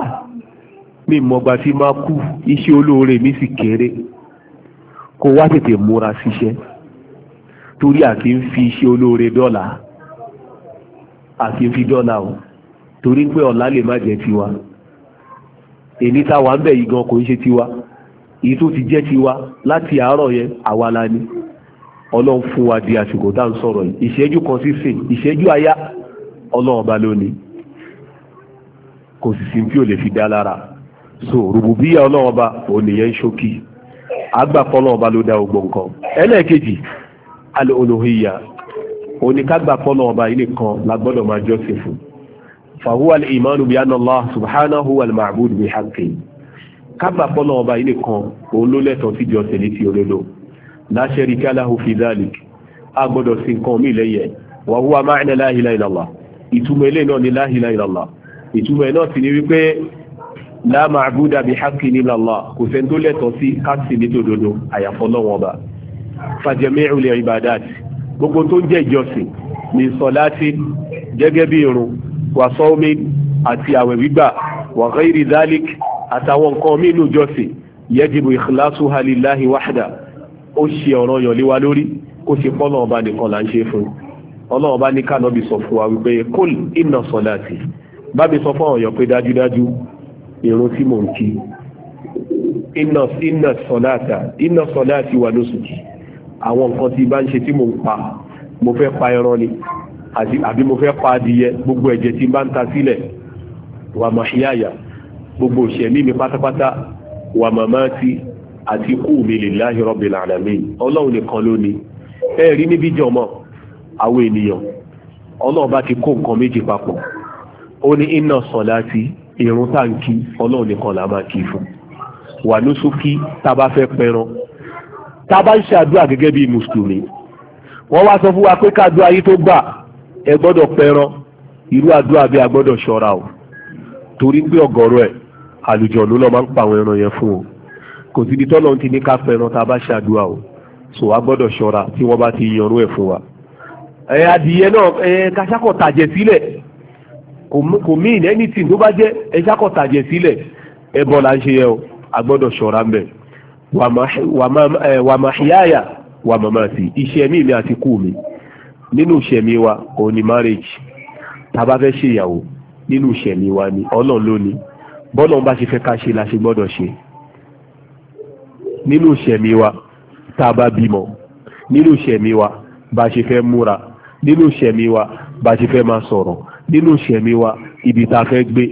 mi mọ̀gbà tí máa kú iṣẹ́ olóore mi sì kéré kó wá tètè múra síṣẹ́ torí àti ń fi iṣẹ́ olóore dọ́là àti ń fi dọ́là o torí pé ọ̀la lè má jẹ́ tiwa èyí tá wà ń bẹ̀ yìí gan kò ń ṣe tiwa èyí tó ti jẹ́ tiwa láti àárọ̀ yẹn àwa la ni ọlọ́run fún wa di àsìkò tá à ń sọ̀rọ̀ yìí ìṣẹ́jú kan sí ìṣẹ́jú àyá ọlọ́run ọba lónìí kò sì sí tí ò lè fi dá lára so rùbùbíyà ọlọ́run ọba òun nìyẹn ń ṣókí agbàpọ̀ ọlọ́run ọba ló dá gbogbo nǹkan ẹlẹ́ẹ̀kejì al-uluhiyya òun ni ká gbàpọ̀ ọlọ́run ọba yìí nìkan la máa jọ́sìn fún un fàhúwà ìmánu bí anna Allah subhanahu wal ma'bud bi haqqi kábà pọ́nà ọba ilé kan òun ló lẹ́tọ̀ọ́ sí jọ tẹ̀lé ti olólo la sharika lahu fi dhalik a gbọ́dọ̀ sí nǹkan mí lẹ́yẹ wa huwa ma'na la ilaha illallah ìtumọ̀ ilé náà ni la ilaha illallah ìtumọ̀ náà sì ni wípé la ma'buda gẹ́gẹ́ bí irun wà sọ́ọ́mí àti àwẹ̀ gbígbà wà ghairi dhalik àtàwọn nǹkan mínú jọ́sìn yajibu ikhlasuha lillahi wahda ó ṣe ọ̀rọ̀ yàn lé wa lórí kó ṣe pọ́nà ọba nìkan là ń ṣe fún ọlọ́run bá ní kánọ́bì sọ fún wa wípé kul inna salati bá mi sọ fún ọ̀yàn pé dájúdájú ìrun tí mò ń kí inna inna salata inna salati àwọn nǹkan tí bá ń ṣe tí mò ń pa mo fẹ́ pa ẹran ni àbí mo fẹ́ pa adìyẹ gbogbo ẹ̀jẹ̀ tí bá ń ta sílẹ̀ wà mà ṣíyàyà gbogbo ìṣẹ̀mí mi pátápátá wà mà máa ti àti kú mi lillahi rabbil alamin ọlọ́run nìkan ló ní ẹ rí níbi jọmọ àwọn ènìyàn ọlọ́run bá ti kó nǹkan méjì papọ̀ ó ní inna salati irun táǹkì ọlọ́run nìkan là máa kì fún wà lóṣùkí tá a bá fẹ́ pẹran tá a bá ń ṣàdúrà gẹ́gẹ́ bí mùsùlùmí wọ́n wá sọ fún wa pé káàdúrà yìí tó gbà ẹ gbọ́dọ̀ iru irú àdúrà bí o torí pé ọ̀gọ̀rọ̀ ẹ̀ àlùjọ ló lọ́ máa ń pa àwọn ẹran yẹn fún o kò tọ́lọ́ ti ní ká tá bá ṣàdúrà o so a gbọ́dọ̀ ṣọ́ra tí wọ́n bá ti yanrú ẹ̀ fún wa. ẹ adìyẹ náà ẹ kàṣàkọ̀ kò mí ní tó bá ẹ ẹ bọ́ la ń ṣe yẹ o a mi nínú ìṣẹ̀mí wa òun ni marriage tá a bá fẹ́ ṣèyàwó nínú ìṣẹ̀mí wa ni ọlọ́run ló ní bá ṣe fẹ́ ká ṣe la ṣe gbọ́dọ̀ ṣe nínú ìṣẹ̀mí wa tá a bá bímọ nínú ìṣẹ̀mí wa bá ṣe fẹ́ múra nínú ìṣẹ̀mí wa bá ṣe fẹ́ máa sọ̀rọ̀ nínú ìṣẹ̀mí wa ibi tá a fẹ́ gbé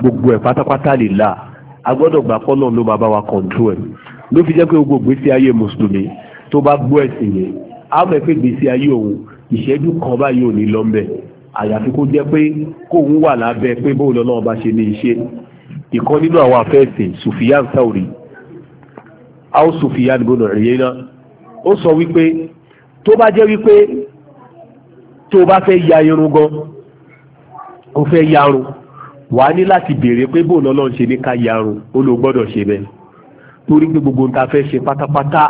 gbogbo ẹ̀ pátápátá lè là a gbọ́dọ̀ gbà pọ́lọ́run ló máa bá wa control ẹ̀ ló fi jẹ́ pé gbogbo ìgbésí ayé mùsùlùmí tó bá gbọ́ ẹ̀sìn yẹn á mọ̀ pé ìgbésí ayé òun ìṣẹ́jú kan báyìí ò ní lọ ń bẹ̀ àyàfi kó jẹ́ pé kóun wà lábẹ́ pé bóun lọ́nà ọba ṣe ní iṣẹ́ ìkan nínú àwọn afẹ́ẹ̀sìn Sufyan Sauri ao Sufyan gbọ́nà ẹ̀yẹ́ náà ó sọ wípé tó bá jẹ́ wípé tó bá fẹ́ ya irun gan ó fẹ́ yarun wà á ní láti béèrè pé bóun lọ́nà ṣe ní ká yarun ó ló gbọ́dọ̀ ṣe bẹ́ẹ̀ torí pé gbogbo nǹkan fẹ́ ṣe pátápátá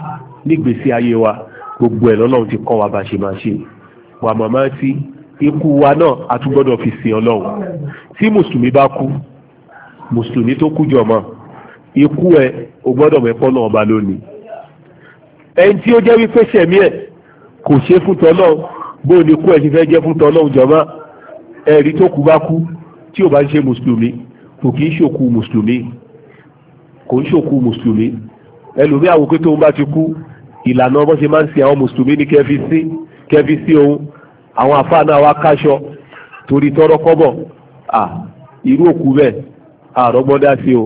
nígbèésí ayé wa gbogbo ẹ̀ lọ́nà ti kọ́ wa bá ṣe máa ṣe wà màmá tí ikú wa náà a tún gbọ́dọ̀ fi sin ọlọ́run tí mùsùlùmí bá kú mùsùlùmí tó kú jọmọ́ ikú ẹ o gbọ́dọ̀ náà ọba lónìí ẹni tí ó jẹ́ wípé sẹ̀mí ẹ̀ kò ṣe fún tọ́lọ́ bó ni kú ẹ̀ ṣe fẹ́ jẹ́ fún tọ́lọ́ jọmọ́ ẹ̀rí tó kú bá kú tí ò bá ṣe mùsùlùmí kò kì í ṣòkú mùsùlùmí kò ń ṣòkú mùsùlùmí ẹlòmí àwọn tó ń bá ti kú ìlànà ọmọ ṣe máa ń sin àwọn mùsùlùmí ní kẹfí sí kẹfí sí òun àwọn àfáà náà wá káṣọ torí tọrọ kọ́bọ̀ à irú òkú bẹ́ẹ̀ àrọ́gbọ́dá sí o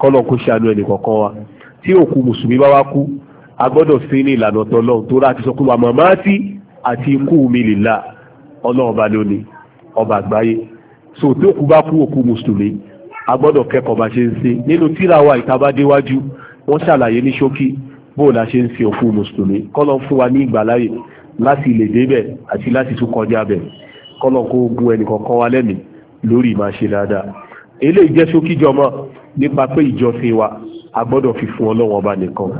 kọ́nà kó ṣàánú ẹnì kọ̀ọ̀kan wa tí òkú mùsùlùmí bá wá kú a gbọ́dọ̀ sí ní ìlànà tọ́lọ́run tó rà ti sọ pé wà màmá tí àti ikú mi lìlá ọlọ́run ọba lónìí ọba àgbáyé so tí òkú bá kú òkú mùsùlùmí a gbọ́dọ̀ kẹ́kọ̀ọ́ bá ṣe ń ṣe nínú tíra wa ìtabádéwájú wọ́n ṣàlàyé ní ṣókí bóòlà ṣe ń ṣe òkú mùsùlùmí kọ́nà fún wa ní ìgbàláyè láti lè débẹ̀ àti láti tún kọjá bẹ̀ kọ́nà kó gun ẹnìkọ̀ọ̀kan wa lẹ́mí lórí ìmáa ṣe dáadáa eléyìí jẹ́ ṣókí jọmọ nípa pé ìjọsìn wa a gbọ́dọ̀ fi fún Ọlọ́run Ọba nìkan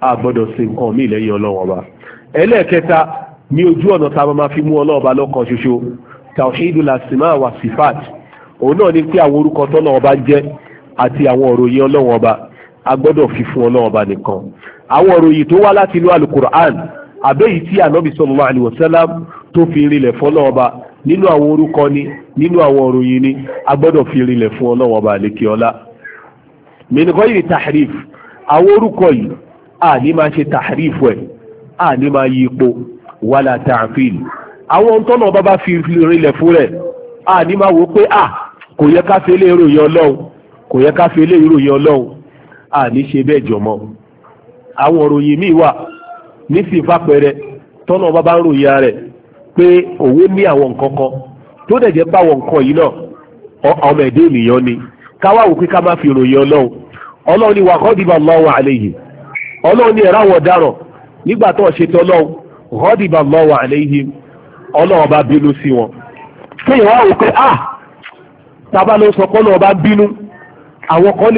a gbọ́dọ̀ ṣe nǹkan míì lẹ́yìn Ọlọ́run Ọba ẹlẹ́ẹ̀kẹta ní ojú ọ̀nà tá a máa fi mú Ọlọ́run Ọba lọ́kan wa sifat òun náà ni pé àwọn orúkọ tọ́nà Ọba ń jẹ́ àti àwọn òròyìn Ọlọ́run Ọba a gbọ́dọ̀ fi àbẹ́yìí tí ànábì sallallahu alaihi wasallam tó fi rinlẹ̀ fọ́lọ́wọ́ bá nínú àwọn orúkọ ni nínú àwọn òròyìn ni a gbọ́dọ̀ fi rinlẹ̀ fún ọlọ́wọ́ bá lékè ọlá min ghayri tahrif àwọn orúkọ yìí a ní máa ṣe tahrif ẹ̀ a ní máa yí ipò wàlà ta'fil àwọn tọ́nà bá bá fi rinlẹ̀ fún rẹ̀ a ní máa wò pé a ah, kò yẹ ká fi eléyìí ọlọ́run kò yẹ ká fi eléyìí ọlọ́run a ní ṣe bẹ́ẹ̀ jọmọ́ àwọn òròyìn míì wà nífi ìfapẹ̀rẹ̀ tọ́nà ọba bá ń ròyìn rẹ̀ pé òun ní àwọn nǹkan tó dẹ̀ jẹ́ bá àwọn nǹkan náà ọmọ ẹ̀dẹ́ ènìyàn ni káwá wò pé ká má fi ròyìn ọlọ́run ọlọ́run ni wàhọ́dìbà ọlọ́run ni ẹ̀rọ àwọn ọ̀daràn nígbà tó ṣe tọ́ lọ́wọ́ ọlọ́run bá bínú sí wọn. kéèyàn wá wò pé ah tábà ló sọ pé ọlọ́run bá bínú àwọn kan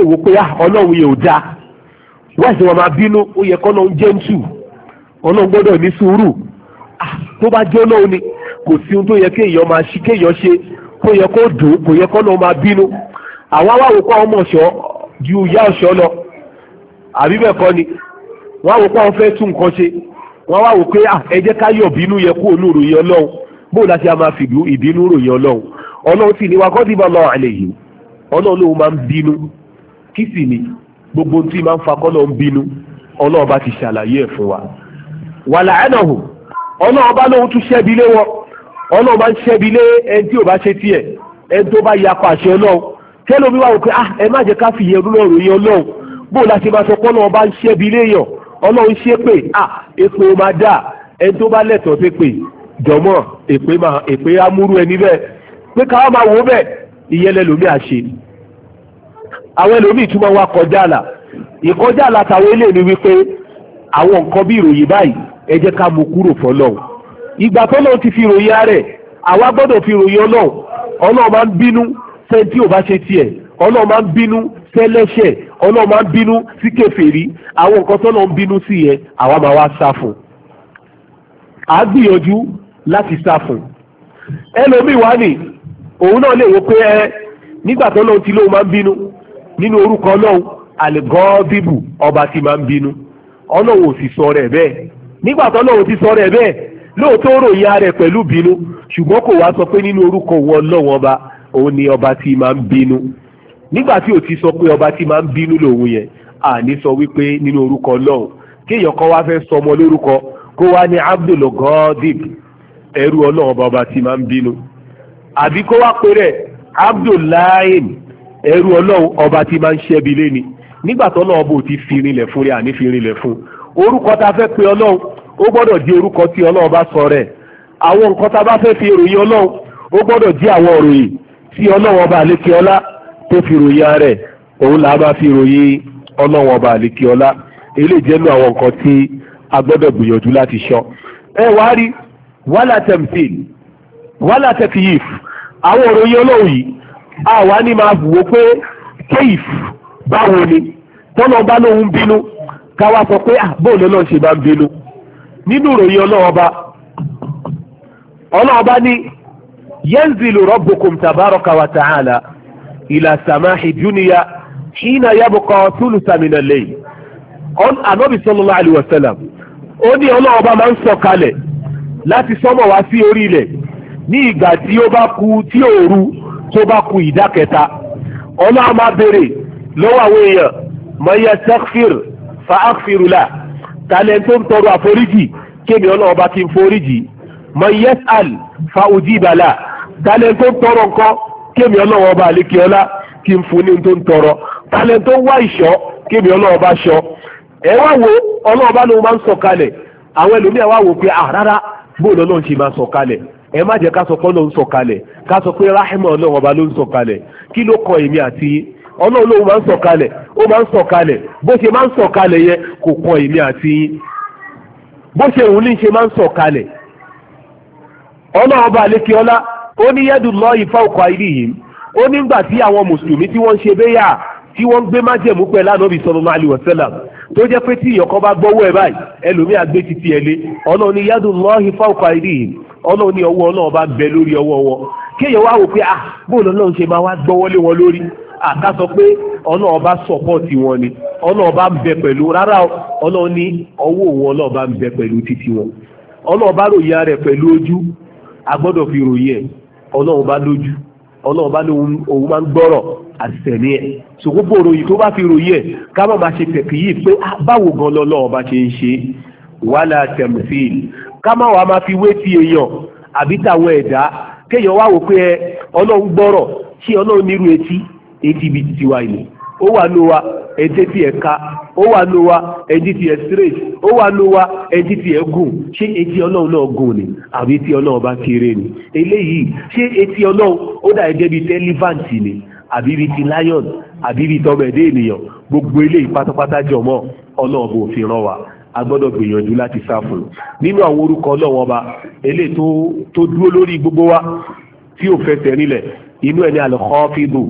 lè ọlọ́run gbọ́dọ̀ ní sùúrù ah, tó bá jẹ́ ọlọ́run ni kò sí ohun tó yẹ kéèyàn máa ṣe kéèyàn ṣe kó yẹ kó dùn kó yẹ kó lọ́ọ́ máa bínú àwa wá wò pé àwọn ọmọ ọ̀ṣọ́ ju ìyá ọ̀ṣọ́ lọ àbí bẹ́ẹ̀ kọ́ ni wọ́n á wò pé àwọn fẹ́ tún nǹkan ṣe wọ́n á wò pé ah, ẹ jẹ́ ká yọ̀ bínú yẹ kó olú ròyìn ọlọ́run bó láti a máa fìdú ìbínú ròyìn ọlọ́run ọlọ́run sì ní wa kọ́ dìbò lọ àlè yìí ọlọ́run lòun máa ń bínú kí sì ni gbogbo tí máa ń fa kọ́ lọ́ ń bínú ọlọ́run bá ti ṣàlàyé ẹ̀ fún wa wàlà ẹnàhù ọlọ́run bá lóhun tún ṣẹ́bi lé wọn ọlọ́run bá ń ṣẹ́bi lé ẹni tí ò bá ṣe tiẹ̀ ẹni tó bá yapa àṣẹ ọlọ́run tẹ́lómi wà wò pé ah ẹ má jẹ́ ká fìyẹ ọlọ́run yẹn ọlọ́run bó la ṣe máa sọ pé ọlọ́run bá ń ṣẹ́bi lé yàn ọlọ́run ṣe pé ah èpè ó máa dà ẹni tó bá lẹ́tọ̀ọ́ ṣe pé jọ̀mọ́ èpè máa èpè amúrú ẹni bẹ́ẹ̀ pé káwọn máa wò bẹ́ẹ̀ ìyẹn lẹ́lòmí àṣe àwọn ẹlòmíì àwọn nǹkan bí ìròyìn báyìí ẹ jẹ́ ká mú kúrò fọlọ́hùn ìgbà tọ́lọ́hùn ti fi ròyìn ara ẹ̀ àwa gbọ́dọ̀ fi ròyìn ọlọ́hùn ọlọ́hùn máa ń bínú sẹ́ni tí ò bá ṣe tiẹ̀ ọlọ́hùn máa ń bínú sẹ́lẹ́ṣẹ̀ ọlọ́hùn máa ń bínú sí kèfèrí àwọn nǹkan tọ́lọ́hùn ń bínú sí yẹn àwa máa wá sá fún a gbìyànjú láti sá fún ẹlòmíì wá nì òun náà lè wò pé ẹ nígbà tọ́lọ́hùn ti lóun máa ń bínú nínú orúkọ ọlọ́hùn àlẹ́gọ́ọ́bíbù ọba ti máa ń bínú ọlọ́hùn ò sì sọ rẹ̀ bẹ́ẹ̀ nígbà tó lóun ti sọ rẹ̀ bẹ́ẹ̀ lóòótọ́ ròyìn ara rẹ̀ pẹ̀lú bínú ṣùgbọ́n kò wá sọ pé nínú orúkọ wọn lọ́wọ́n ọba òun ni ọba tí máa ń bínú nígbà tí ò ti sọ pé ọba tí máa ń bínú lòun yẹn àní sọ wípé nínú orúkọ lọ́hùn kéèyàn kan wá fẹ́ sọmọ lórúkọ kó wá ní Abdul Godib ẹrú ọlọ́run ọba ọba tí máa ń bínú àbí kó wá pé rẹ̀ Abdullahi ẹrú ọlọ́run ọba tí máa ń ṣẹ́bi léni nígbà tó ọba ò ti fi rinlẹ̀ fún rẹ̀ àní fi rinlẹ̀ fún un orúkọ tá fẹ́ pe ọlọ́run ó gbọ́dọ̀ di orúkọ tí ọlọ́run bá sọ rẹ̀ àwọn nǹkan a bá fẹ́ fi ròyìn ọlọ́run ó gbọ́dọ̀ di ọba àlékè ọlá tó fi ròyìn rẹ̀ òun là á bá fi ròyìn ọlọ́run ọba àlékè ọlá eléyìí jẹ́ àwọn nǹkan tí a gbọ́dọ̀ gbìyànjú láti sọ. káwá sọ pé bóòlù ọlọ́run ṣe bá ń bínú nínú ìròyìn ọlọ́run ọba ọlọ́run ọba ní yanzilu rabbukum tabaraka wa ta'ala ila samahi duniya hina yabqa thulutha min al-layl anabi sallallahu alayhi wa ó ní ọlọ́run máa ń sọ kalẹ̀ láti sọ́mọ̀ wá sí orí ní ìgbà tí ó bá kù tí òru tó bá kù ìdá kẹta ọlọ́run béèrè lọ́wọ́ àwọn èèyàn man yastaghfir fa áfìrúlà tàlẹ́ tó ń tọrọ àforíjì kémi ọlọ́ọ̀ba kí n foríjì mọ yes al fa ojú ìbàlà tàlẹ́ tó ń tọrọ nǹkan kémi ọlọ́ọ̀ba àlékiọlá kí n fún ní tó ń tọrọ tàlẹ́ tó ń wá ìṣọ́ kémi ọlọ́ọ̀ba ṣọ ẹ wá wo ọlọ́ọ̀ba ló máa ń sọ̀kalẹ̀ àwọn ẹlòmíà wá wò pé àrárá bóòlù ọlọ́run ṣe máa sọ̀kalẹ̀ ẹ má jẹ́ ká sọ pé ọlọ́run sọ̀kalẹ̀ ká sọ pé ráhìmọ̀ ọlọ́run ọba ló ń sọ̀kalẹ̀ kí ló kọ èmi àti ọlọ́run lòun máa ń sọ̀kalẹ̀ ó máa ń sọ̀kalẹ̀ bó ṣe máa ń sọ̀kalẹ̀ yẹn kò pọ̀ èmi àti yín bó ṣe òun ní ṣe máa ń sọ̀kalẹ̀ ọba ó ní yẹ́dùn lọ ìfá ọkọ̀ ayé yìí ó nígbà tí àwọn mùsùlùmí tí wọ́n ń ṣe béyà tí wọ́n ń gbé pẹ̀ lánàá bí tó jẹ́ pé tí bá gbọ́wọ́ ẹ̀ báyìí ẹlòmíà gbé titi ẹ̀ lé ọlọ́run ní àká sọ pé ọlọ́run bá sọ̀pọ̀tì wọn ni ọlọ́run bá ń bẹ pẹ̀lú rárá ọlọ́run ní ọwọ́ òun ọlọ́run bá ń bẹ pẹ̀lú títí wọn ọlọ́run bá ròyìn ara rẹ̀ pẹ̀lú ojú a gbọ́dọ̀ fi ròyìn ẹ̀ ọlọ́run bá lójú ọlọ́run bá ní òun máa ń gbọ́rọ̀ àtẹ̀lé ẹ̀ so gbogbo ròyìn tó bá fi ròyìn ẹ̀ ká má máa ṣe tẹ̀kì yìí pé ah, báwo gan lọ́lọ́run bá ṣe ń etí ibi títí wa ìlú ó wà ló wa ẹjẹ́ tí ẹ ká ó wà ló wa ẹjẹ́ tí ẹ straight ó wà ló wa ẹjẹ́ tí ẹ gùn ṣé etí ọlọ́run náà gùn ni àbí etí ọlọ́run bá kéré ni eléyìí ṣé etí ọlọ́run ó dà ẹjẹ́ bíi tẹ́lifáǹtì ni àbí bíi ti lion àbí bíi tọmọ ẹ̀dẹ́ ènìyàn gbogbo eléyìí pátápátá jọmọ ọlọ́run bò fi rán wa a gbọ́dọ̀ gbìyànjú láti sá fún un nínú àwọn orúkọ ọlọ́run ọba eléyìí tó dúró lórí gbogbo wa tí ò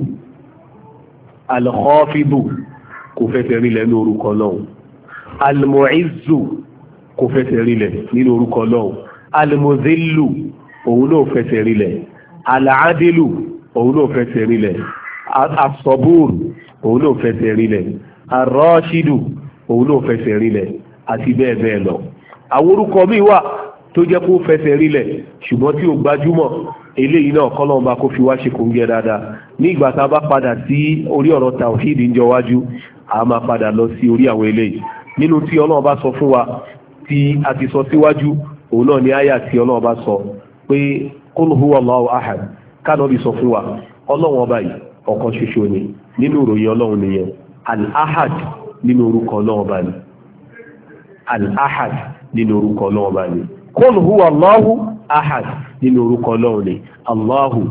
alkhọ́fíbù kò fẹ́sẹ̀ rinlẹ̀ ní orúkọ ọlọ́run almu'izzu kò fẹ́sẹ̀ rinlẹ̀ nínú orúkọ ọlọ́run almuzillu òun náà fẹ́sẹ̀ rinlẹ̀ alaadilu òun náà fẹ́sẹ̀ rinlẹ̀ asọ́bùrù òun náà fẹ́sẹ̀ rinlẹ̀ arọ́ṣídù òun náà fẹ́sẹ̀ rinlẹ̀ àti bẹ́ẹ̀ bẹ́ẹ̀ lọ àwọn orúkọ míì wà tó jẹ́ kó fẹsẹ̀ rílẹ̀ ṣùgbọ́n tí ó gbajúmọ̀ eléyìí náà kọ́lọ́n bá kó fi wá ṣe kòńgẹ́ dáadáa ní ìgbà tá a bá padà sí orí ọ̀rọ̀ tàwíìdì ń jọwájú a máa padà lọ sí orí àwọn eléyìí nínú tí ọlọ́run bá sọ fún wa tí a ti sọ síwájú òun náà ni àyà tí ọlọ́run bá sọ pé qul wa ọlọ́run ọba yìí ọ̀kan ṣoṣo ni nínú ìròyìn ọlọ́run nìyẹn al-ahad nínú orúkọ ọlọ́run al-ahad nínú orúkọ ọlọ́run kul huwa Allahu ahad nínú orúkọ ọlọ́run ni Allahu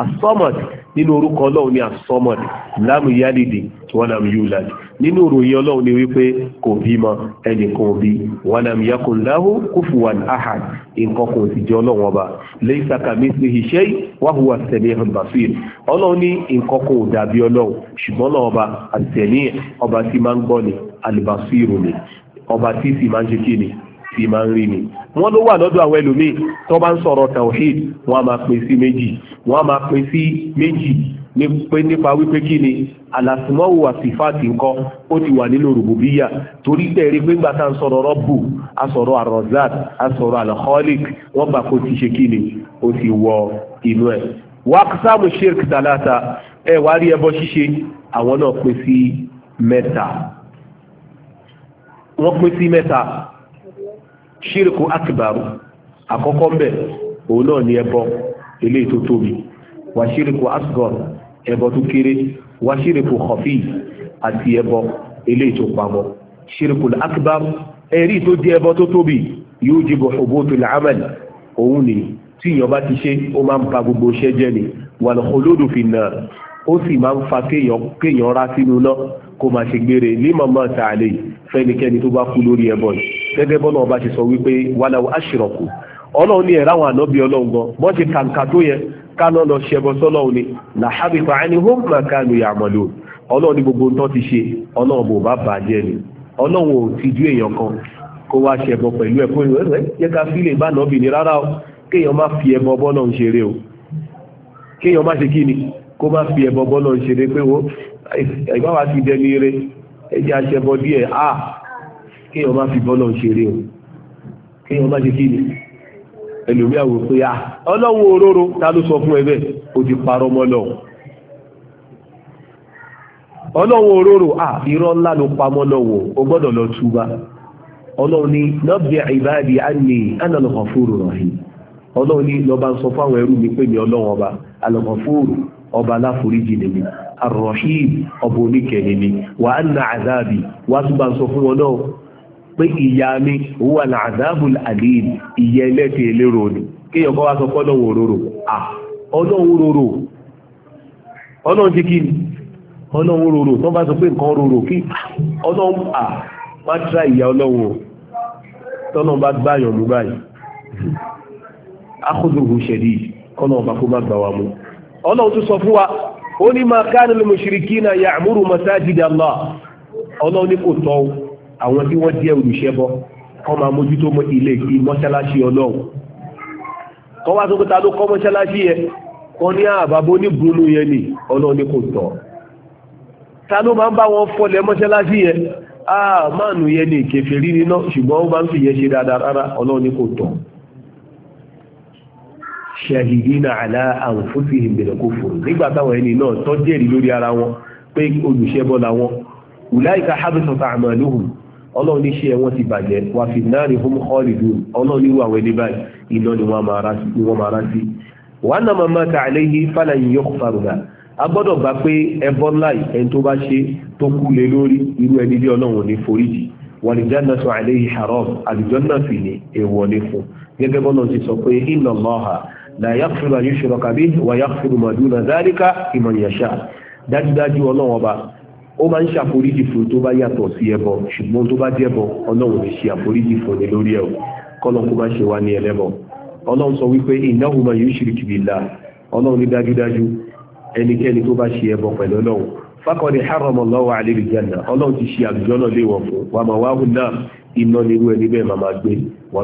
asọ́mọ̀dì nínú orúkọ ọlọ́run ni asọ́mọ̀dì lámù yálìdì wọ́nàmù yúlàdì nínú ìròyìn ọlọ́run ni wípé kò bímọ ẹnìkan bí wọ́nàmù yakun lahu kufuwan ahad nǹkan kò sì jẹ́ ọlọ́run ọba laysa kamithlihi shay wa huwa as-sami'ul basir ọlọ́run ní nǹkan kò tí máa ń rí ni wọ́n ló wà lọ́dọ̀ àwọn ẹlòmíì tó bá ń sọ̀rọ̀ tawhid wọ́n á máa pín sí méjì wọ́n á máa pín sí méjì nípa wípé kí ni alàsìmọ́wò àsìfáàtì nǹkan ó ti wà nínú rùbùbíyà torí tẹ̀rí pé ńgbà ń sọ̀rọ̀ rọ́bù a sọ̀rọ̀ àrọ̀zát a wọ́n gbà kó ti ṣe kí ni ó ti wọ inú ẹ̀. wákísàmù sheik talata ẹ wá rí ẹbọ ṣíṣe àwọn náà pín sí mẹ́ta wọ́n pín sí mẹ́ta ṣírìkù akbar àkọ́kọ́ mbẹ̀ òun náà ni ẹbọ eléyìí tó tóbi wà ṣírìkù asghar ẹbọ tó kéré wà ṣírìkù khafi àti ẹbọ eléyìí tó pamọ́ ṣírìkù akbar ẹ̀rí tó di ẹbọ tó tóbi yóò jìbọ̀ hubutul amal òun ni tí ti ṣe ó máa ń pa gbogbo iṣẹ́ jẹ́ ni wal khuludu fin nar ó sì máa ń fa kéèyàn rá sínú náà kó máa ṣe gbére límọ̀mọ́ ta àlè fẹ́nikẹ́ni tó bá kú lórí ẹbọ yìí gẹ́gẹ́ bọ́nà ọba ṣe sọ wípé wàláwọ̀ àṣìrọ̀kù ọlọ́run ní ẹ̀rá àwọn ànábì ọlọ́run gan bọ́n ṣe kàǹkà tó yẹ kánà lọ ṣẹbọ sọ́lọ́run ni làhábìtà ẹni hó máa kánú yàmọ̀lò ọlọ́run ní gbogbo tó ti ṣe ọlọ́run bò bá bàjẹ́ kó má fi ẹ̀bọ̀ bọ́lọ̀ ṣeré pé wo ẹ̀gbọ́n wá ti dẹni eré ẹjẹ́ aṣẹ́bọ díẹ̀ a ọ má fi bọ́lọ̀ ṣeré o kéèyàn má ṣe kí ni ẹlòmíà wò pé a ọlọ́run òróró ta ló sọ fún ẹ bẹ́ẹ̀ o ti parọ́ mọ́ a irọ́ ńlá ló o lọ ìbáàdì àní ànàlọ́kọ̀ rọ̀hìn lọ́ba sọ fún ọba àlọ́kọ̀ ọba aláforíjì nìmi arrohim ọba oníkẹ̀ nìmi wà á nà àzáàbì wá tún bá sọ fún wọn náà pé ìyá mi òun àlà àzáàbù àlèyìn ìyẹ ẹlẹ́tẹ̀ elérò ni kéèyàn kọ́ wá sọ pé ọlọ́run òróró à ọlọ́run òróró ọlọ́run ti kí ni ọlọ́run òróró tó bá sọ pé nǹkan òróró kí ọlọ́run à má tra ìyá ọlọ́run o bá gbáyàn mú báyìí akọ́dùn òhun ṣẹ̀dí kọ́lọ́run bá kó má gbà wá mú ọlọ́run tún sọ fún wa ó ní ma kana lil mushrikina ya'muru masajida Allah ọlọ́run ní kò tọ́ àwọn tí wọ́n jẹ́ olùṣẹ́bọ kọ́ máa mójútó ilé ìmọ́ṣáláṣí ọlọ́run kọ́ wá sókè ta ló kọ́ mọ́ṣáláṣí yẹn kọ́ ní ah, àbábó ní brunú yẹn ni ọlọ́run ní ṣahidina àlá anfusihim bil kufur nígbà táwọn ẹni náà tó jẹ́rìí lórí ara wọn pé olùṣẹbọ làwọn ulaika habitat a'maluhum ọlọ́run ní ṣe wọ́n ti bàjẹ́ wà fi náàrí hum khalidun ọlọ́run nírú àwọn ẹni báyìí iná ni wọ́n máa rá sí wà náà máa máa tààlé yìí fàlàyé yóò a gbọ́dọ̀ gbà pé ẹbọ ńlá ẹni tó bá ṣe tó kú lé lórí irú ẹni bí ọlọ́run ní foríjì wà ní jannatu alayhi haram àlùjọ náà sì ní èèwọ̀ ní fún gẹ́gẹ́ bọ́lá ti sọ pé inna Allaha la yaghfiru an yushraka bihi wa yaghfiru ma duna dhalika liman yasha dájúdájú ọlọ́run ọba ó máa ń ṣàforíjì fún tó bá yàtọ̀ sí ẹbọ ṣùgbọ́n tó bá jẹ́bọ ọlọ́run lè ṣe àforíjì fún ni lórí ẹ̀ kọ́lọ́n kó má ṣe wá ní ẹlẹ́bọ ọlọ́run sọ wípé innahu man yushrik billah ọlọ́run ní dájúdájú ẹnikẹ́ni tó bá ṣe ẹbọ pẹ̀lú ọlọ́run faqad harrama Allahu alayhi al-janna ti ṣe àlùjọ́nà léwọ̀ fún wa ma'wahu an-nar iná nírú ẹni bẹ́ẹ̀ máa gbé wa